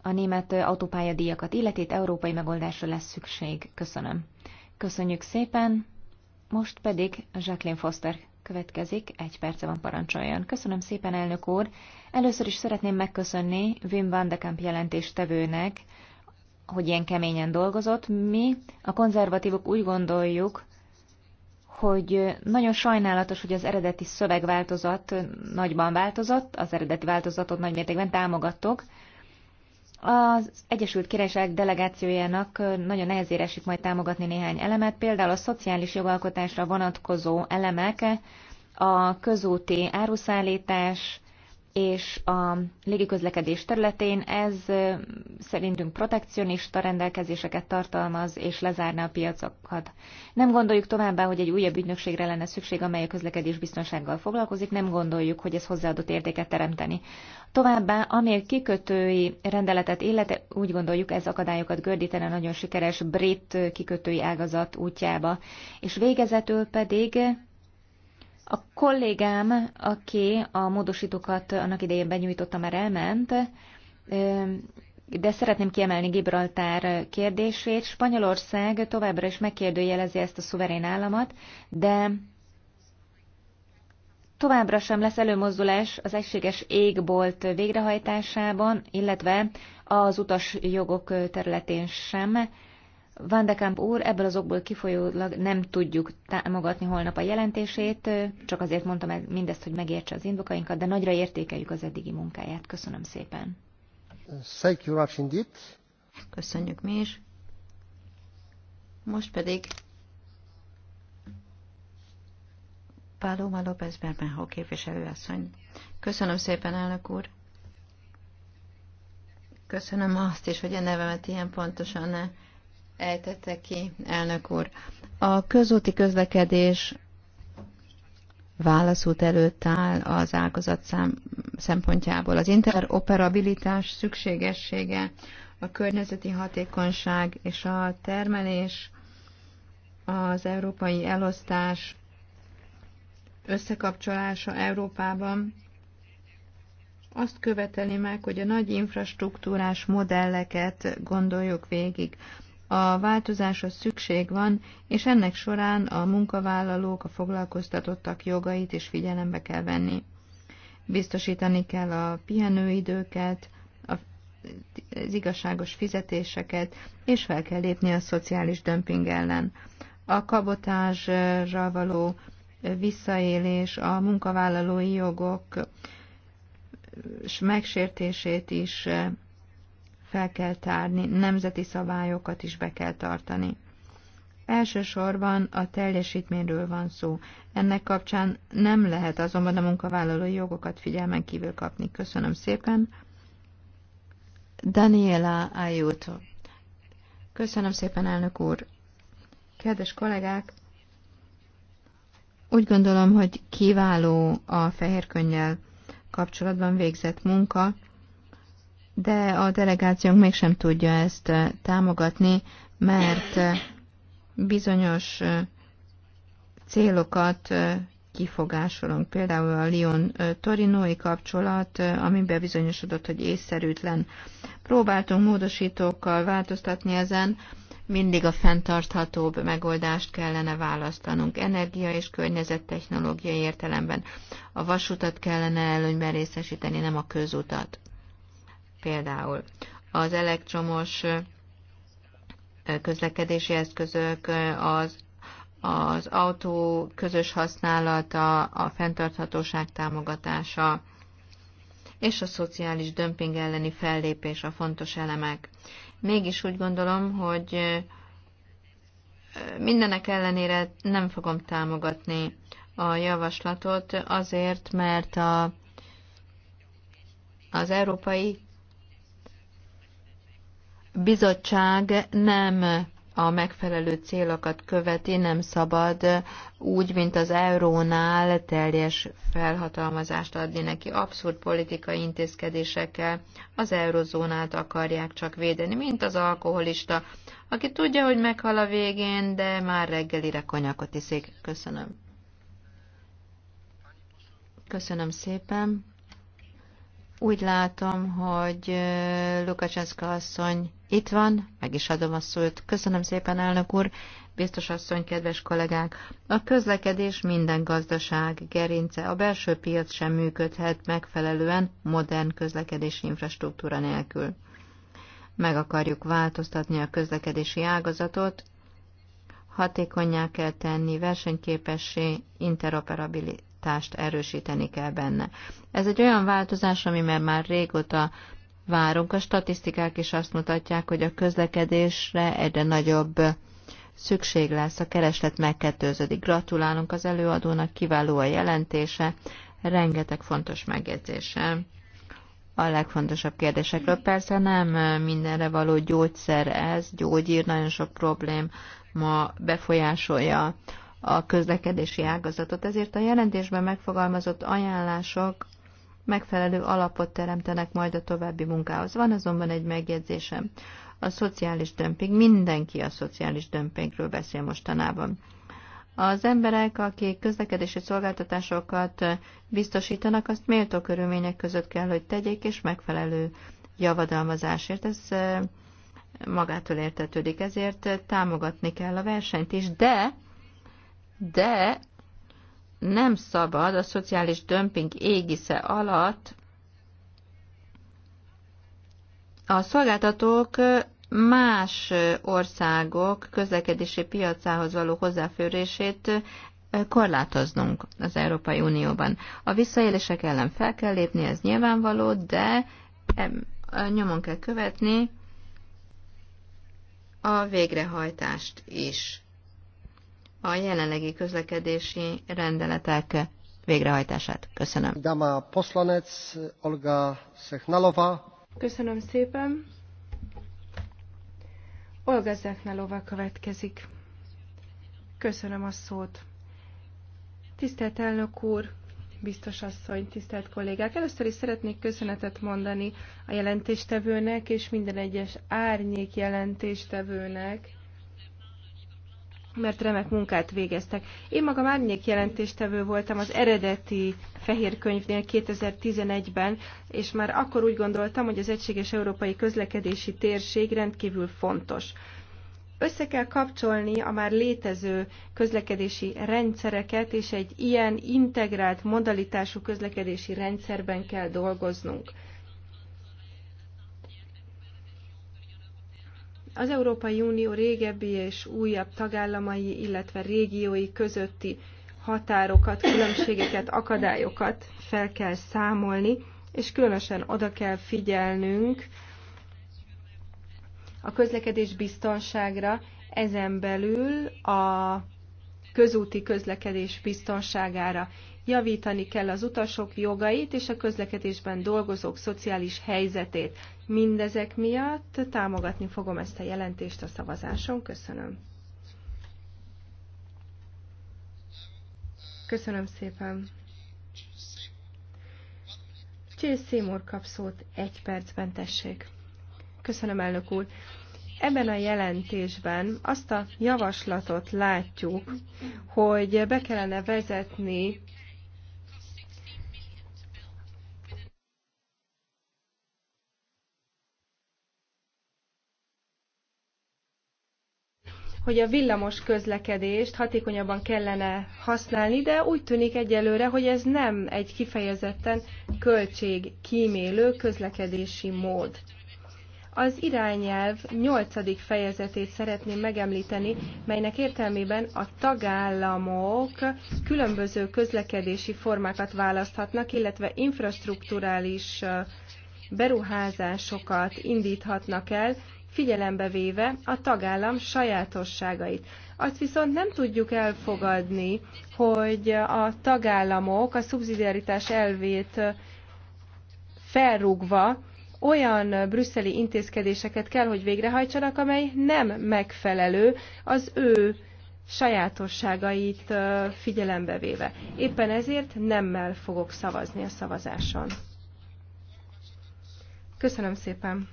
a német autópályadíjakat illeti, európai megoldásra lesz szükség. Köszönöm. Köszönjük szépen. Most pedig Jacqueline Foster következik, egy perce van parancsoljon. Köszönöm szépen, elnök úr! Először is szeretném megköszönni Wim van de Kamp jelentéstevőnek, hogy ilyen keményen dolgozott. Mi, a konzervatívok úgy gondoljuk, hogy nagyon sajnálatos, hogy az eredeti szövegváltozat nagyban változott, az eredeti változatot nagymértékben támogattok, az Egyesült Királyság delegációjának nagyon nehezére esik majd támogatni néhány elemet, például a szociális jogalkotásra vonatkozó elemek, a közúti áruszállítás, és a légiközlekedés területén ez szerintünk protekcionista rendelkezéseket tartalmaz, és lezárná a piacokat. Nem gondoljuk továbbá, hogy egy újabb ügynökségre lenne szükség, amely a közlekedés biztonsággal foglalkozik, nem gondoljuk, hogy ez hozzáadott értéket teremteni. Továbbá, ami kikötői rendeletet illeti, úgy gondoljuk, ez akadályokat gördítene nagyon sikeres brit kikötői ágazat útjába. És végezetül pedig a kollégám, aki a módosítókat annak idején benyújtotta, már elment, de szeretném kiemelni Gibraltár kérdését. Spanyolország továbbra is megkérdőjelezi ezt a szuverén államat, de továbbra sem lesz előmozdulás az egységes égbolt végrehajtásában, illetve az utas jogok területén sem. Van de Kamp úr, ebből az okból kifolyólag nem tudjuk támogatni holnap a jelentését, csak azért mondtam mindezt, hogy megértse az indokainkat, de nagyra értékeljük az eddigi munkáját. Köszönöm szépen. Thank you much indeed. Köszönjük mi is. Most pedig Paloma López Bermejo képviselőasszony. Köszönöm szépen, elnök úr. Köszönöm azt is, hogy a nevemet ilyen pontosan ejtette ki, elnök úr. A közúti közlekedés válaszút előtt áll az ágazat szám, szempontjából. Az interoperabilitás szükségessége, a környezeti hatékonyság és a termelés, az európai elosztás összekapcsolása Európában azt követeli meg, hogy a nagy infrastruktúrás modelleket gondoljuk végig a változáshoz szükség van, és ennek során a munkavállalók, a foglalkoztatottak jogait is figyelembe kell venni. Biztosítani kell a pihenőidőket, az igazságos fizetéseket, és fel kell lépni a szociális dömping ellen. A kabotázsra való visszaélés, a munkavállalói jogok megsértését is fel kell tárni, nemzeti szabályokat is be kell tartani. Elsősorban a teljesítményről van szó. Ennek kapcsán nem lehet azonban a munkavállalói jogokat figyelmen kívül kapni. Köszönöm szépen. Daniela Ayuto. Köszönöm szépen, elnök úr. Kedves kollégák, úgy gondolom, hogy kiváló a fehér kapcsolatban végzett munka, de a delegációnk mégsem tudja ezt támogatni, mert bizonyos célokat kifogásolunk. Például a Lyon-Torinói kapcsolat, amiben bizonyosodott, hogy észszerűtlen. Próbáltunk módosítókkal változtatni ezen, mindig a fenntarthatóbb megoldást kellene választanunk energia és környezettechnológiai értelemben. A vasutat kellene előnyben részesíteni, nem a közutat. Például az elektromos közlekedési eszközök, az, az autó közös használata, a fenntarthatóság támogatása és a szociális dömping elleni fellépés a fontos elemek. Mégis úgy gondolom, hogy mindenek ellenére nem fogom támogatni a javaslatot azért, mert a, az európai bizottság nem a megfelelő célokat követi, nem szabad úgy, mint az eurónál teljes felhatalmazást adni neki. Abszurd politikai intézkedésekkel az eurozónát akarják csak védeni, mint az alkoholista, aki tudja, hogy meghal a végén, de már reggelire konyakot iszik. Köszönöm. Köszönöm szépen. Úgy látom, hogy Lukacsenszka asszony itt van, meg is adom a szót. Köszönöm szépen, elnök úr, biztos asszony, kedves kollégák. A közlekedés minden gazdaság gerince, a belső piac sem működhet megfelelően modern közlekedési infrastruktúra nélkül. Meg akarjuk változtatni a közlekedési ágazatot, hatékonyá kell tenni, versenyképessé, interoperabilitás hatást erősíteni kell benne. Ez egy olyan változás, ami már régóta várunk. A statisztikák is azt mutatják, hogy a közlekedésre egyre nagyobb szükség lesz, a kereslet megkettőződik. Gratulálunk az előadónak, kiváló a jelentése, rengeteg fontos megjegyzése. A legfontosabb kérdésekről persze nem mindenre való gyógyszer ez, gyógyír, nagyon sok problém ma befolyásolja a közlekedési ágazatot. Ezért a jelentésben megfogalmazott ajánlások megfelelő alapot teremtenek majd a további munkához. Van azonban egy megjegyzésem. A szociális dömping, mindenki a szociális dömpingről beszél mostanában. Az emberek, akik közlekedési szolgáltatásokat biztosítanak, azt méltó körülmények között kell, hogy tegyék, és megfelelő javadalmazásért. Ez eh, magától értetődik, ezért támogatni kell a versenyt is, de de nem szabad a szociális dömping égisze alatt a szolgáltatók más országok közlekedési piacához való hozzáférését korlátoznunk az Európai Unióban. A visszaélések ellen fel kell lépni, ez nyilvánvaló, de nyomon kell követni a végrehajtást is a jelenlegi közlekedési rendeletek végrehajtását. Köszönöm. Dama poslanec Olga Szechnalova. Köszönöm szépen. Olga Zechnalova következik. Köszönöm a szót. Tisztelt elnök úr, biztos asszony, tisztelt kollégák! Először is szeretnék köszönetet mondani a jelentéstevőnek és minden egyes árnyék jelentéstevőnek, mert remek munkát végeztek. Én magam árnyék jelentéstevő voltam az eredeti fehér könyvnél 2011-ben, és már akkor úgy gondoltam, hogy az egységes európai közlekedési térség rendkívül fontos. Össze kell kapcsolni a már létező közlekedési rendszereket, és egy ilyen integrált modalitású közlekedési rendszerben kell dolgoznunk. Az Európai Unió régebbi és újabb tagállamai, illetve régiói közötti határokat, különbségeket, akadályokat fel kell számolni, és különösen oda kell figyelnünk a közlekedés biztonságra, ezen belül a közúti közlekedés biztonságára. Javítani kell az utasok jogait és a közlekedésben dolgozók szociális helyzetét. Mindezek miatt támogatni fogom ezt a jelentést a szavazáson. Köszönöm. Köszönöm szépen. Csész Szémor kap szót egy percben, tessék. Köszönöm, elnök úr. Ebben a jelentésben azt a javaslatot látjuk, hogy be kellene vezetni hogy a villamos közlekedést hatékonyabban kellene használni, de úgy tűnik egyelőre, hogy ez nem egy kifejezetten költségkímélő közlekedési mód. Az irányelv 8. fejezetét szeretném megemlíteni, melynek értelmében a tagállamok különböző közlekedési formákat választhatnak, illetve infrastruktúrális beruházásokat indíthatnak el, figyelembe véve a tagállam sajátosságait. Azt viszont nem tudjuk elfogadni, hogy a tagállamok a szubszidiaritás elvét felrúgva olyan brüsszeli intézkedéseket kell, hogy végrehajtsanak, amely nem megfelelő az ő sajátosságait figyelembe véve. Éppen ezért nemmel fogok szavazni a szavazáson. Köszönöm szépen!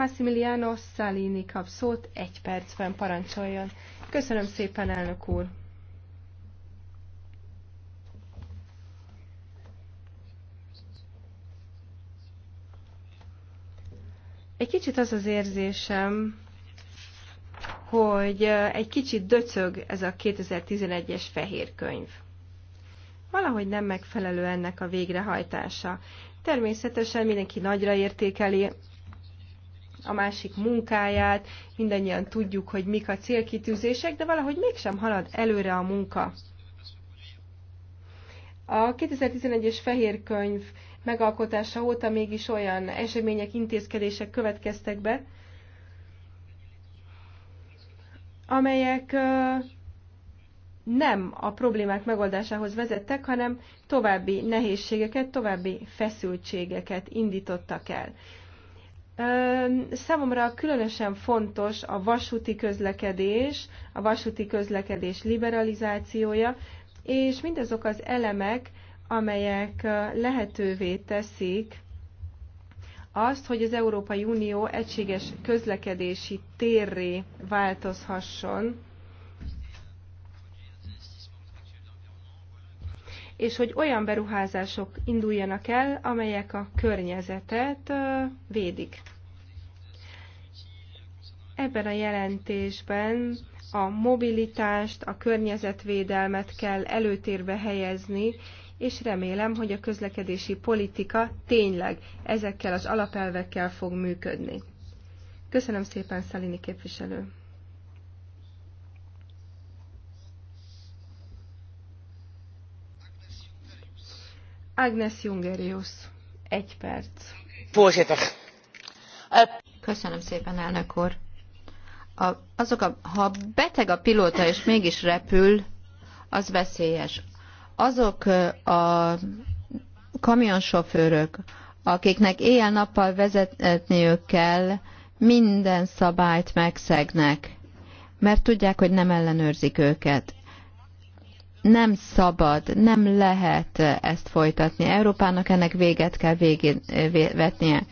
Massimiliano Salini kap szót, egy percben parancsoljon. Köszönöm szépen, elnök úr! Egy kicsit az az érzésem, hogy egy kicsit döcög ez a 2011-es fehér könyv. Valahogy nem megfelelő ennek a végrehajtása. Természetesen mindenki nagyra értékeli a másik munkáját, mindannyian tudjuk, hogy mik a célkitűzések, de valahogy mégsem halad előre a munka. A 2011-es fehér könyv megalkotása óta mégis olyan események, intézkedések következtek be, amelyek nem a problémák megoldásához vezettek, hanem további nehézségeket, további feszültségeket indítottak el. Számomra különösen fontos a vasúti közlekedés, a vasúti közlekedés liberalizációja, és mindazok az elemek, amelyek lehetővé teszik azt, hogy az Európai Unió egységes közlekedési térré változhasson, és hogy olyan beruházások induljanak el, amelyek a környezetet védik. Ebben a jelentésben a mobilitást, a környezetvédelmet kell előtérbe helyezni, és remélem, hogy a közlekedési politika tényleg ezekkel az alapelvekkel fog működni. Köszönöm szépen, Szalini képviselő! Agnes Jungerius, egy perc. Köszönöm szépen, elnök úr! a, azok a, ha beteg a pilóta és mégis repül, az veszélyes. Azok a kamionsofőrök, akiknek éjjel-nappal vezetniük kell, minden szabályt megszegnek, mert tudják, hogy nem ellenőrzik őket nem szabad, nem lehet ezt folytatni. Európának ennek véget kell végén, vetnie.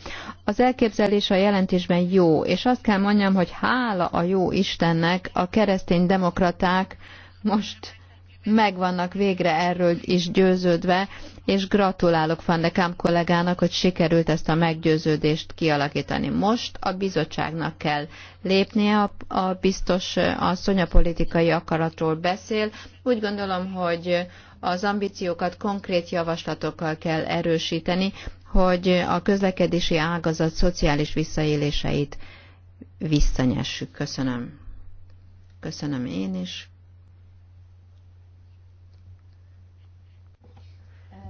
Az elképzelés a jelentésben jó, és azt kell mondjam, hogy hála a jó Istennek a keresztény demokraták most Megvannak végre erről is győződve, és gratulálok Van de Kamp kollégának, hogy sikerült ezt a meggyőződést kialakítani. Most a bizottságnak kell lépnie, a, a biztos asszony a politikai akaratról beszél. Úgy gondolom, hogy az ambíciókat konkrét javaslatokkal kell erősíteni, hogy a közlekedési ágazat szociális visszaéléseit visszanyessük. Köszönöm. Köszönöm én is.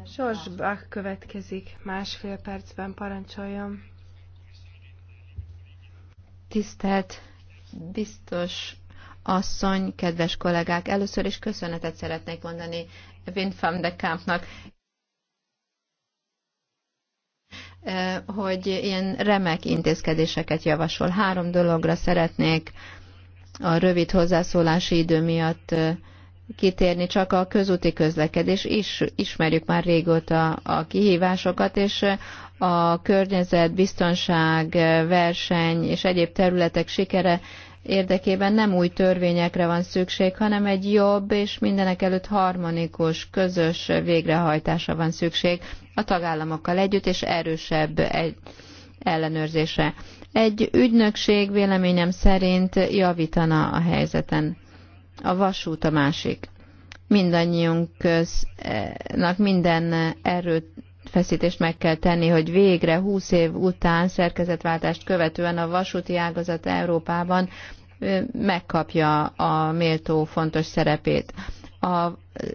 Sors Bach következik, másfél percben parancsoljam. Tisztelt biztos asszony, kedves kollégák, először is köszönetet szeretnék mondani Windfam de Kampnak, eh, hogy ilyen remek intézkedéseket javasol. Három dologra szeretnék a rövid hozzászólási idő miatt eh, kitérni, csak a közúti közlekedés is, ismerjük már régóta a kihívásokat, és a környezet, biztonság, verseny és egyéb területek sikere érdekében nem új törvényekre van szükség, hanem egy jobb és mindenek előtt harmonikus, közös végrehajtása van szükség a tagállamokkal együtt, és erősebb egy ellenőrzése. Egy ügynökség véleményem szerint javítana a helyzeten a vasút a másik. Mindannyiunknak minden erőt feszítést meg kell tenni, hogy végre 20 év után szerkezetváltást követően a vasúti ágazat Európában megkapja a méltó fontos szerepét. A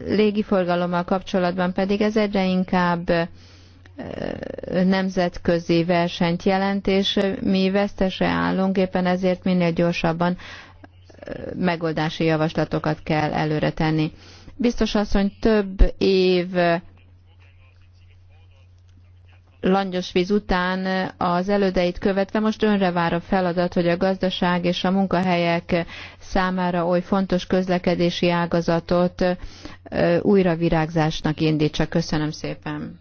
légiforgalommal kapcsolatban pedig ez egyre inkább nemzetközi versenyt jelent, és mi vesztese állunk, éppen ezért minél gyorsabban megoldási javaslatokat kell előre tenni. Biztos asszony több év langyos víz után az elődeit követve most önre vár a feladat, hogy a gazdaság és a munkahelyek számára oly fontos közlekedési ágazatot újra virágzásnak indítsa. Köszönöm szépen.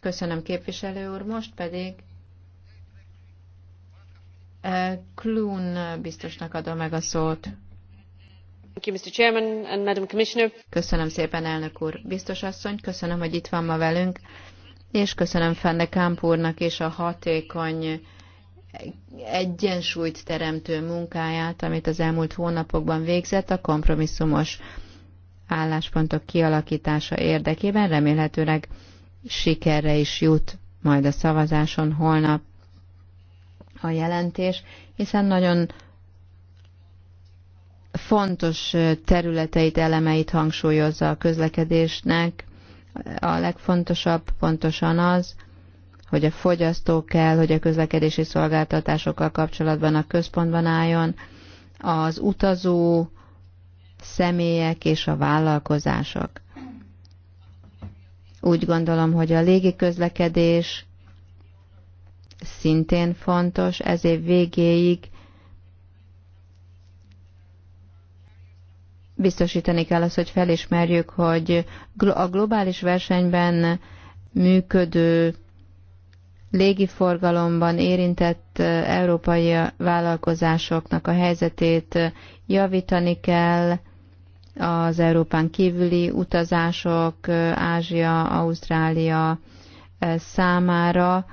Köszönöm képviselő úr, most pedig Eh, Klún biztosnak adom meg a szót. Köszönöm szépen, elnök úr. Biztos asszony, köszönöm, hogy itt van ma velünk, és köszönöm Fende Kámp úrnak és a hatékony egyensúlyt teremtő munkáját, amit az elmúlt hónapokban végzett a kompromisszumos álláspontok kialakítása érdekében, remélhetőleg sikerre is jut majd a szavazáson holnap a jelentés, hiszen nagyon fontos területeit, elemeit hangsúlyozza a közlekedésnek. A legfontosabb pontosan az, hogy a fogyasztó kell, hogy a közlekedési szolgáltatásokkal kapcsolatban a központban álljon, az utazó személyek és a vállalkozások. Úgy gondolom, hogy a légi közlekedés szintén fontos, ez év végéig biztosítani kell azt, hogy felismerjük, hogy a globális versenyben működő légiforgalomban érintett eh, európai vállalkozásoknak a helyzetét eh, javítani kell, az Európán kívüli utazások eh, Ázsia, Ausztrália számára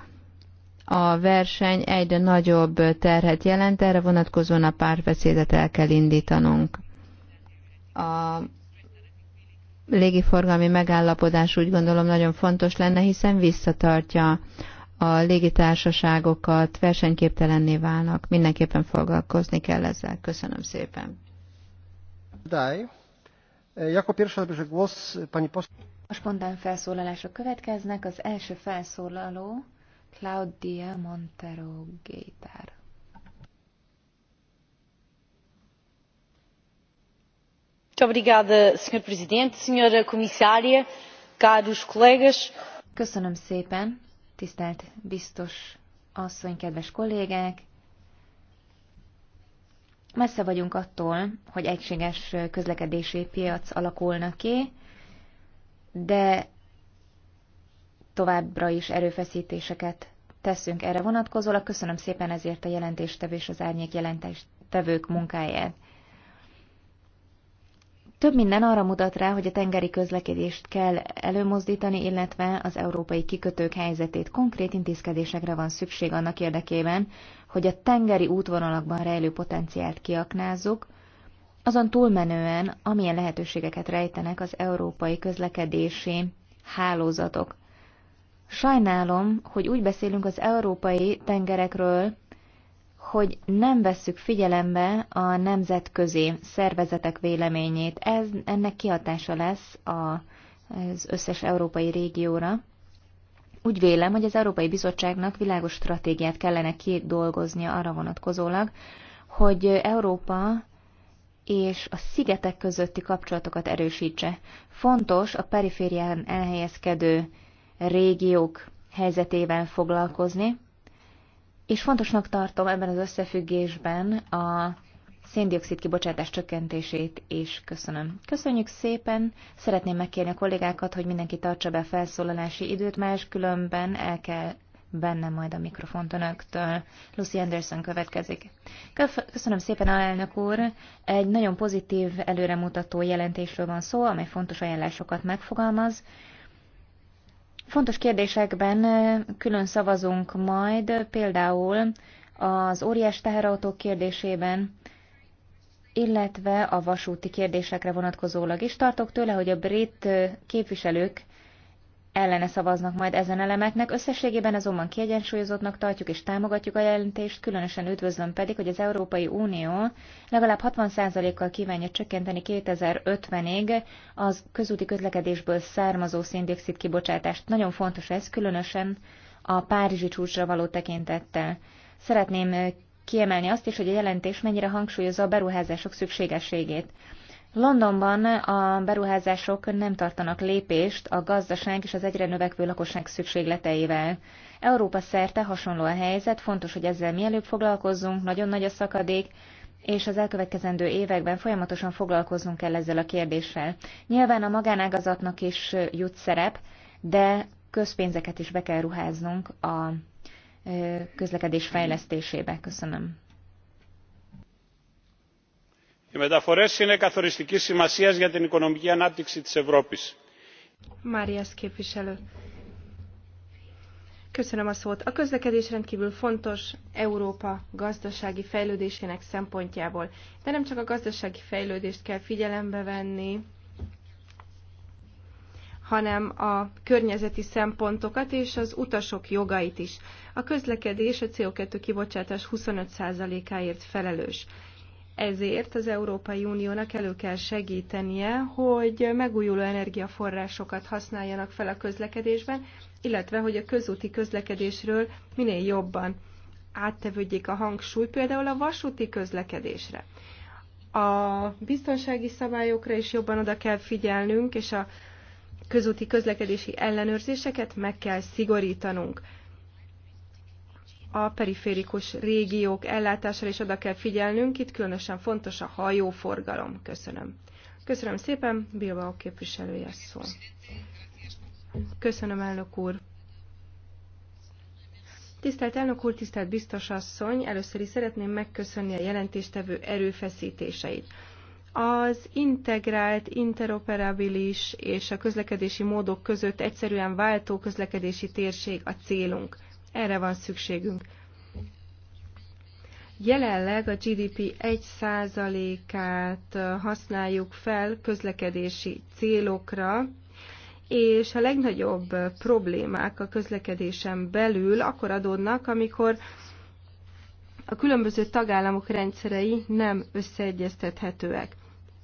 a verseny egyre nagyobb terhet jelent, erre vonatkozóan a párbeszédet el kell indítanunk. A légiforgalmi megállapodás úgy gondolom nagyon fontos lenne, hiszen visszatartja a légitársaságokat, versenyképtelenné válnak. Mindenképpen foglalkozni kell ezzel. Köszönöm szépen. Dáj. Jako pierwsza głos pani poseł. A felszólalások következnek. Az első felszólaló Claudia Montero colegas. Köszönöm szépen, tisztelt biztos asszony, kedves kollégák! Messze vagyunk attól, hogy egységes közlekedési piac alakulna ki, de továbbra is erőfeszítéseket teszünk erre vonatkozólag. Köszönöm szépen ezért a jelentéstevő és az árnyék jelentéstevők munkáját. Több minden arra mutat rá, hogy a tengeri közlekedést kell előmozdítani, illetve az európai kikötők helyzetét konkrét intézkedésekre van szükség annak érdekében, hogy a tengeri útvonalakban rejlő potenciált kiaknázzuk, azon túlmenően, amilyen lehetőségeket rejtenek az európai közlekedési hálózatok. Sajnálom, hogy úgy beszélünk az európai tengerekről, hogy nem vesszük figyelembe a nemzetközi szervezetek véleményét. Ez, ennek kihatása lesz a, az összes európai régióra. Úgy vélem, hogy az Európai Bizottságnak világos stratégiát kellene kidolgoznia arra vonatkozólag, hogy Európa és a szigetek közötti kapcsolatokat erősítse. Fontos a periférián elhelyezkedő régiók helyzetével foglalkozni, és fontosnak tartom ebben az összefüggésben a széndiokszid kibocsátás csökkentését is köszönöm. Köszönjük szépen, szeretném megkérni a kollégákat, hogy mindenki tartsa be felszólalási időt, más különben el kell bennem majd a mikrofont önöktől. Lucy Anderson következik. Köszönöm szépen, alelnök úr! Egy nagyon pozitív, előremutató jelentésről van szó, amely fontos ajánlásokat megfogalmaz. Fontos kérdésekben külön szavazunk majd, például az óriás teherautók kérdésében, illetve a vasúti kérdésekre vonatkozólag is. Tartok tőle, hogy a brit képviselők ellene szavaznak majd ezen elemeknek, összességében azonban kiegyensúlyozottnak tartjuk és támogatjuk a jelentést, különösen üdvözlöm pedig, hogy az Európai Unió legalább 60%-kal kívánja csökkenteni 2050-ig az közúti közlekedésből származó széndiokszid kibocsátást. Nagyon fontos ez, különösen a Párizsi csúcsra való tekintettel. Szeretném kiemelni azt is, hogy a jelentés mennyire hangsúlyozza a beruházások szükségességét. Londonban a beruházások nem tartanak lépést a gazdaság és az egyre növekvő lakosság szükségleteivel. Európa szerte hasonló a helyzet, fontos, hogy ezzel mielőbb foglalkozzunk, nagyon nagy a szakadék, és az elkövetkezendő években folyamatosan foglalkozzunk kell ezzel a kérdéssel. Nyilván a magánágazatnak is jut szerep, de közpénzeket is be kell ruháznunk a közlekedés fejlesztésébe. Köszönöm οι μεταφορές είναι καθοριστικής σημασίας για την οικονομική ανάπτυξη της Ευρώπης. képviselő. Köszönöm a szót. A közlekedés rendkívül fontos Európa gazdasági fejlődésének szempontjából. De nem csak a gazdasági fejlődést kell figyelembe venni, hanem a környezeti szempontokat és az utasok jogait is. A közlekedés a CO2 kibocsátás 25%-áért felelős. Ezért az Európai Uniónak elő kell segítenie, hogy megújuló energiaforrásokat használjanak fel a közlekedésben, illetve hogy a közúti közlekedésről minél jobban áttevődjék a hangsúly például a vasúti közlekedésre. A biztonsági szabályokra is jobban oda kell figyelnünk, és a közúti közlekedési ellenőrzéseket meg kell szigorítanunk a periférikus régiók ellátására is oda kell figyelnünk, itt különösen fontos a hajóforgalom. Köszönöm. Köszönöm szépen, Bilbao képviselője szól. Köszönöm, elnök úr. Tisztelt elnök úr, tisztelt biztos asszony, először is szeretném megköszönni a jelentéstevő erőfeszítéseit. Az integrált, interoperabilis és a közlekedési módok között egyszerűen váltó közlekedési térség a célunk. Erre van szükségünk. Jelenleg a GDP 1%-át használjuk fel közlekedési célokra, és a legnagyobb problémák a közlekedésen belül akkor adódnak, amikor a különböző tagállamok rendszerei nem összeegyeztethetőek.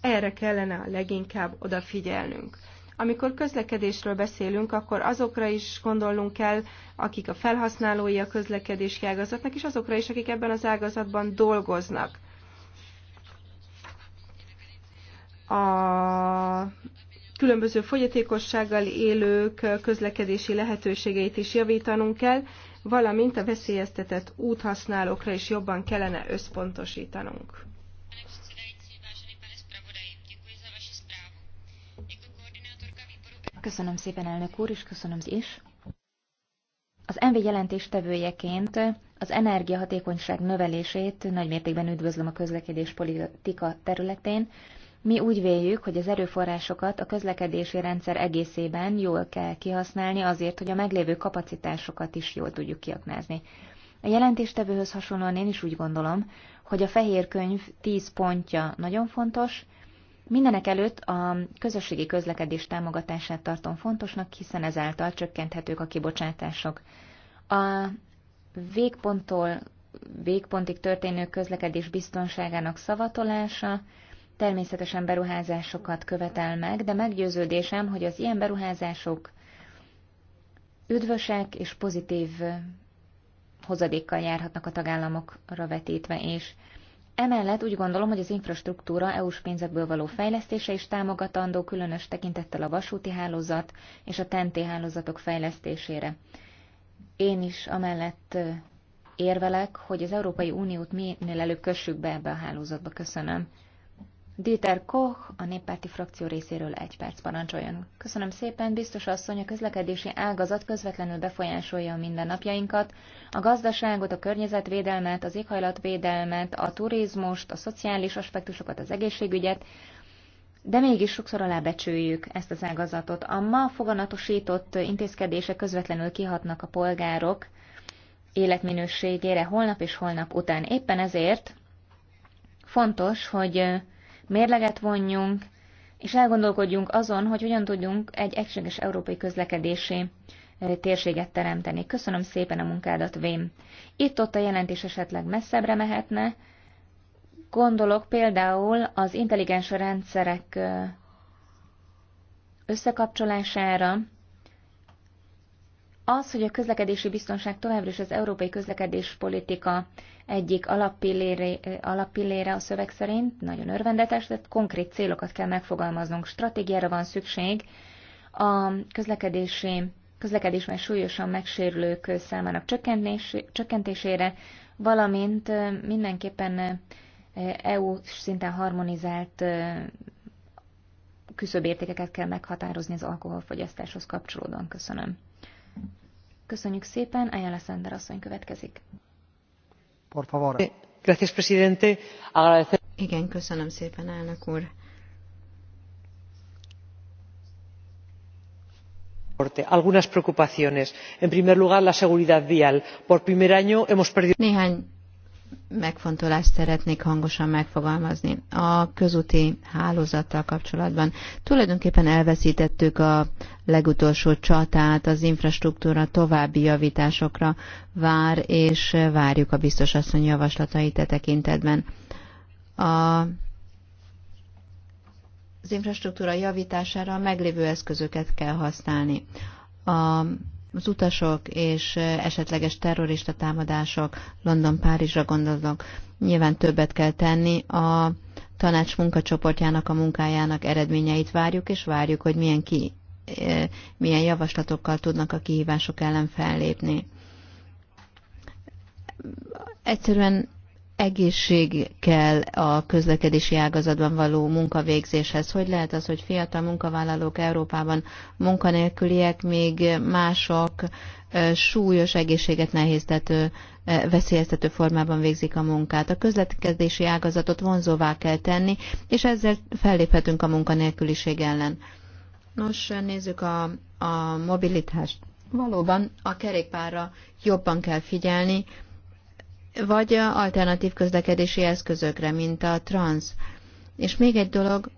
Erre kellene a leginkább odafigyelnünk. Amikor közlekedésről beszélünk, akkor azokra is gondolnunk kell, akik a felhasználói a közlekedési ágazatnak, és azokra is, akik ebben az ágazatban dolgoznak. A különböző fogyatékossággal élők közlekedési lehetőségeit is javítanunk kell, valamint a veszélyeztetett úthasználókra is jobban kellene összpontosítanunk. Köszönöm szépen, elnök úr, és köszönöm is. Az MV jelentéstevőjeként az energiahatékonyság növelését nagymértékben üdvözlöm a közlekedés politika területén. Mi úgy véljük, hogy az erőforrásokat a közlekedési rendszer egészében jól kell kihasználni azért, hogy a meglévő kapacitásokat is jól tudjuk kiaknázni. A jelentéstevőhöz hasonlóan én is úgy gondolom, hogy a fehér könyv 10 pontja nagyon fontos, Mindenek előtt a közösségi közlekedés támogatását tartom fontosnak, hiszen ezáltal csökkenthetők a kibocsátások. A végponttól végpontig történő közlekedés biztonságának szavatolása természetesen beruházásokat követel meg, de meggyőződésem, hogy az ilyen beruházások üdvösek és pozitív hozadékkal járhatnak a tagállamokra vetítve, és Emellett úgy gondolom, hogy az infrastruktúra EU-s pénzekből való fejlesztése is támogatandó, különös tekintettel a vasúti hálózat és a TNT hálózatok fejlesztésére. Én is amellett érvelek, hogy az Európai Uniót minél előbb kössük be ebbe a hálózatba. Köszönöm. Dieter Koch, a néppárti frakció részéről egy perc parancsoljon. Köszönöm szépen, biztos asszony, a közlekedési ágazat közvetlenül befolyásolja a mindennapjainkat, a gazdaságot, a környezetvédelmet, az éghajlatvédelmet, a turizmust, a szociális aspektusokat, az egészségügyet, de mégis sokszor alábecsüljük ezt az ágazatot. A ma foganatosított intézkedések közvetlenül kihatnak a polgárok életminőségére holnap és holnap után. Éppen ezért fontos, hogy mérleget vonjunk, és elgondolkodjunk azon, hogy hogyan tudjunk egy egységes európai közlekedési térséget teremteni. Köszönöm szépen a munkádat, Vém. Itt-ott a jelentés esetleg messzebbre mehetne. Gondolok például az intelligens rendszerek összekapcsolására, az, hogy a közlekedési biztonság továbbra is az európai közlekedés politika egyik alappillére, alappillére a szöveg szerint, nagyon örvendetes, tehát konkrét célokat kell megfogalmaznunk. Stratégiára van szükség a közlekedési közlekedésben súlyosan megsérülők számának csökkentésére, valamint mindenképpen EU szinten harmonizált küszöbértékeket kell meghatározni az alkoholfogyasztáshoz kapcsolódóan. Köszönöm. Köszönjük szépen, Ayala Sander asszony következik. Por favor. Gracias, presidente. Igen, köszönöm szépen, elnök úr. algunas preocupaciones en primer lugar la seguridad vial por primer año hemos perdido. néhány megfontolást szeretnék hangosan megfogalmazni a közúti hálózattal kapcsolatban. Tulajdonképpen elveszítettük a legutolsó csatát, az infrastruktúra további javításokra vár, és várjuk a biztos asszony javaslatait e tekintetben. A az infrastruktúra javítására a meglévő eszközöket kell használni. A az utasok és esetleges terrorista támadások London-Párizsra gondolok. Nyilván többet kell tenni. A tanács munkacsoportjának a munkájának eredményeit várjuk, és várjuk, hogy milyen, ki, milyen javaslatokkal tudnak a kihívások ellen fellépni. Egyszerűen egészség kell a közlekedési ágazatban való munkavégzéshez. Hogy lehet az, hogy fiatal munkavállalók Európában munkanélküliek, még mások súlyos egészséget nehéztető, veszélyeztető formában végzik a munkát. A közlekedési ágazatot vonzóvá kell tenni, és ezzel felléphetünk a munkanélküliség ellen. Nos, nézzük a, a mobilitást. Valóban a kerékpárra jobban kell figyelni, vagy alternatív közlekedési eszközökre, mint a trans. És még egy dolog,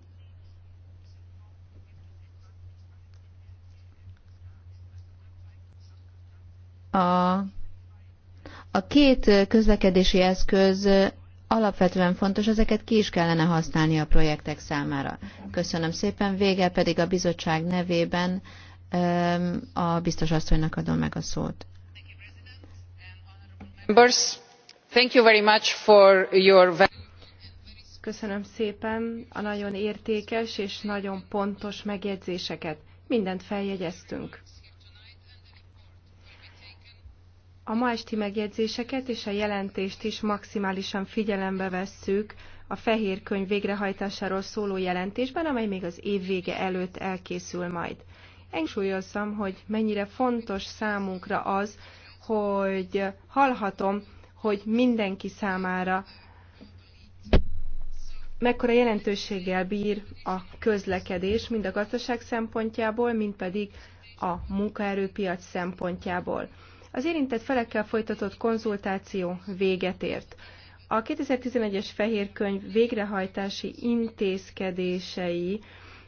a, a két közlekedési eszköz alapvetően fontos, ezeket ki is kellene használni a projektek számára. Köszönöm szépen, vége pedig a bizottság nevében a biztos asszonynak adom meg a szót. Members. Köszönöm szépen a nagyon értékes és nagyon pontos megjegyzéseket. Mindent feljegyeztünk. A ma esti megjegyzéseket és a jelentést is maximálisan figyelembe vesszük a fehér könyv végrehajtásáról szóló jelentésben, amely még az év vége előtt elkészül majd. Engúlyozzam, hogy mennyire fontos számunkra az, hogy hallhatom hogy mindenki számára mekkora jelentőséggel bír a közlekedés, mind a gazdaság szempontjából, mind pedig a munkaerőpiac szempontjából. Az érintett felekkel folytatott konzultáció véget ért. A 2011-es fehér könyv végrehajtási intézkedései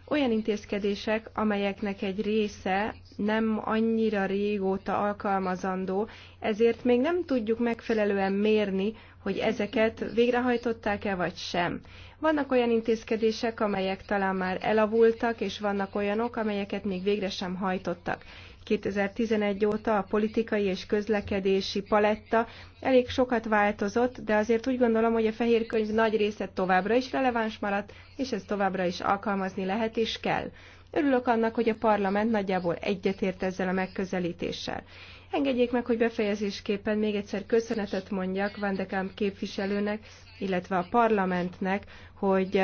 olyan intézkedések, amelyeknek egy része nem annyira régóta alkalmazandó, ezért még nem tudjuk megfelelően mérni, hogy ezeket végrehajtották-e vagy sem. Vannak olyan intézkedések, amelyek talán már elavultak, és vannak olyanok, amelyeket még végre sem hajtottak. 2011 óta a politikai és közlekedési paletta elég sokat változott, de azért úgy gondolom, hogy a fehér könyv nagy része továbbra is releváns maradt, és ez továbbra is alkalmazni lehet és kell. Örülök annak, hogy a parlament nagyjából egyetért ezzel a megközelítéssel. Engedjék meg, hogy befejezésképpen még egyszer köszönetet mondjak Vandekám képviselőnek, illetve a parlamentnek, hogy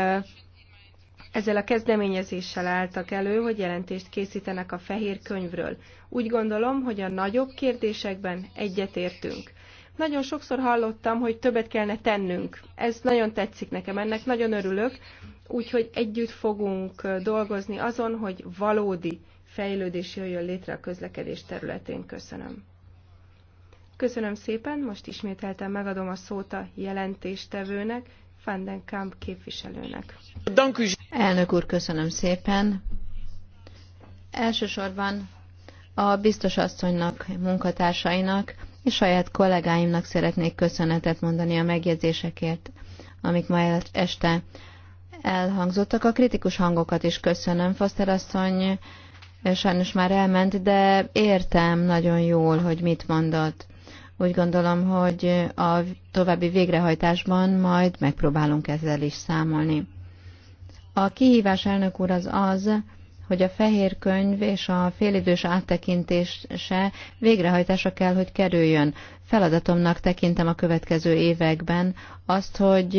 ezzel a kezdeményezéssel álltak elő, hogy jelentést készítenek a fehér könyvről. Úgy gondolom, hogy a nagyobb kérdésekben egyetértünk. Nagyon sokszor hallottam, hogy többet kellene tennünk. Ez nagyon tetszik nekem, ennek nagyon örülök, Úgyhogy együtt fogunk dolgozni azon, hogy valódi fejlődés jöjjön létre a közlekedés területén. Köszönöm. Köszönöm szépen, most ismételten megadom a szót a jelentéstevőnek, Fandenkamp képviselőnek. Elnök úr, köszönöm szépen. Elsősorban a biztos asszonynak, munkatársainak és saját kollégáimnak szeretnék köszönetet mondani a megjegyzésekért, amik ma este elhangzottak. A kritikus hangokat is köszönöm. Foster asszony sajnos már elment, de értem nagyon jól, hogy mit mondott. Úgy gondolom, hogy a további végrehajtásban majd megpróbálunk ezzel is számolni. A kihívás elnök úr az az, hogy a fehér könyv és a félidős áttekintése végrehajtása kell, hogy kerüljön. Feladatomnak tekintem a következő években azt, hogy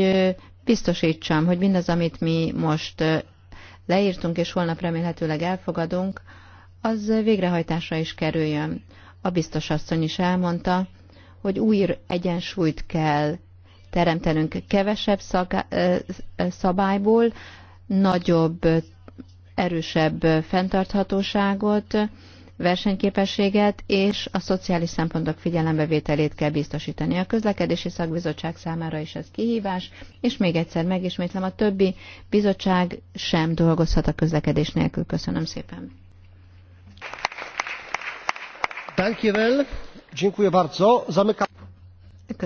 biztosítsam, hogy mindaz, amit mi most leírtunk és holnap remélhetőleg elfogadunk, az végrehajtásra is kerüljön. A biztos asszony is elmondta, hogy új egyensúlyt kell teremtenünk kevesebb szabályból, nagyobb, erősebb fenntarthatóságot, versenyképességet és a szociális szempontok figyelembevételét kell biztosítani. A közlekedési szakbizottság számára is ez kihívás, és még egyszer megismétlem, a többi bizottság sem dolgozhat a közlekedés nélkül. Köszönöm szépen. Thank you Dziękuję bardzo. Zamykam.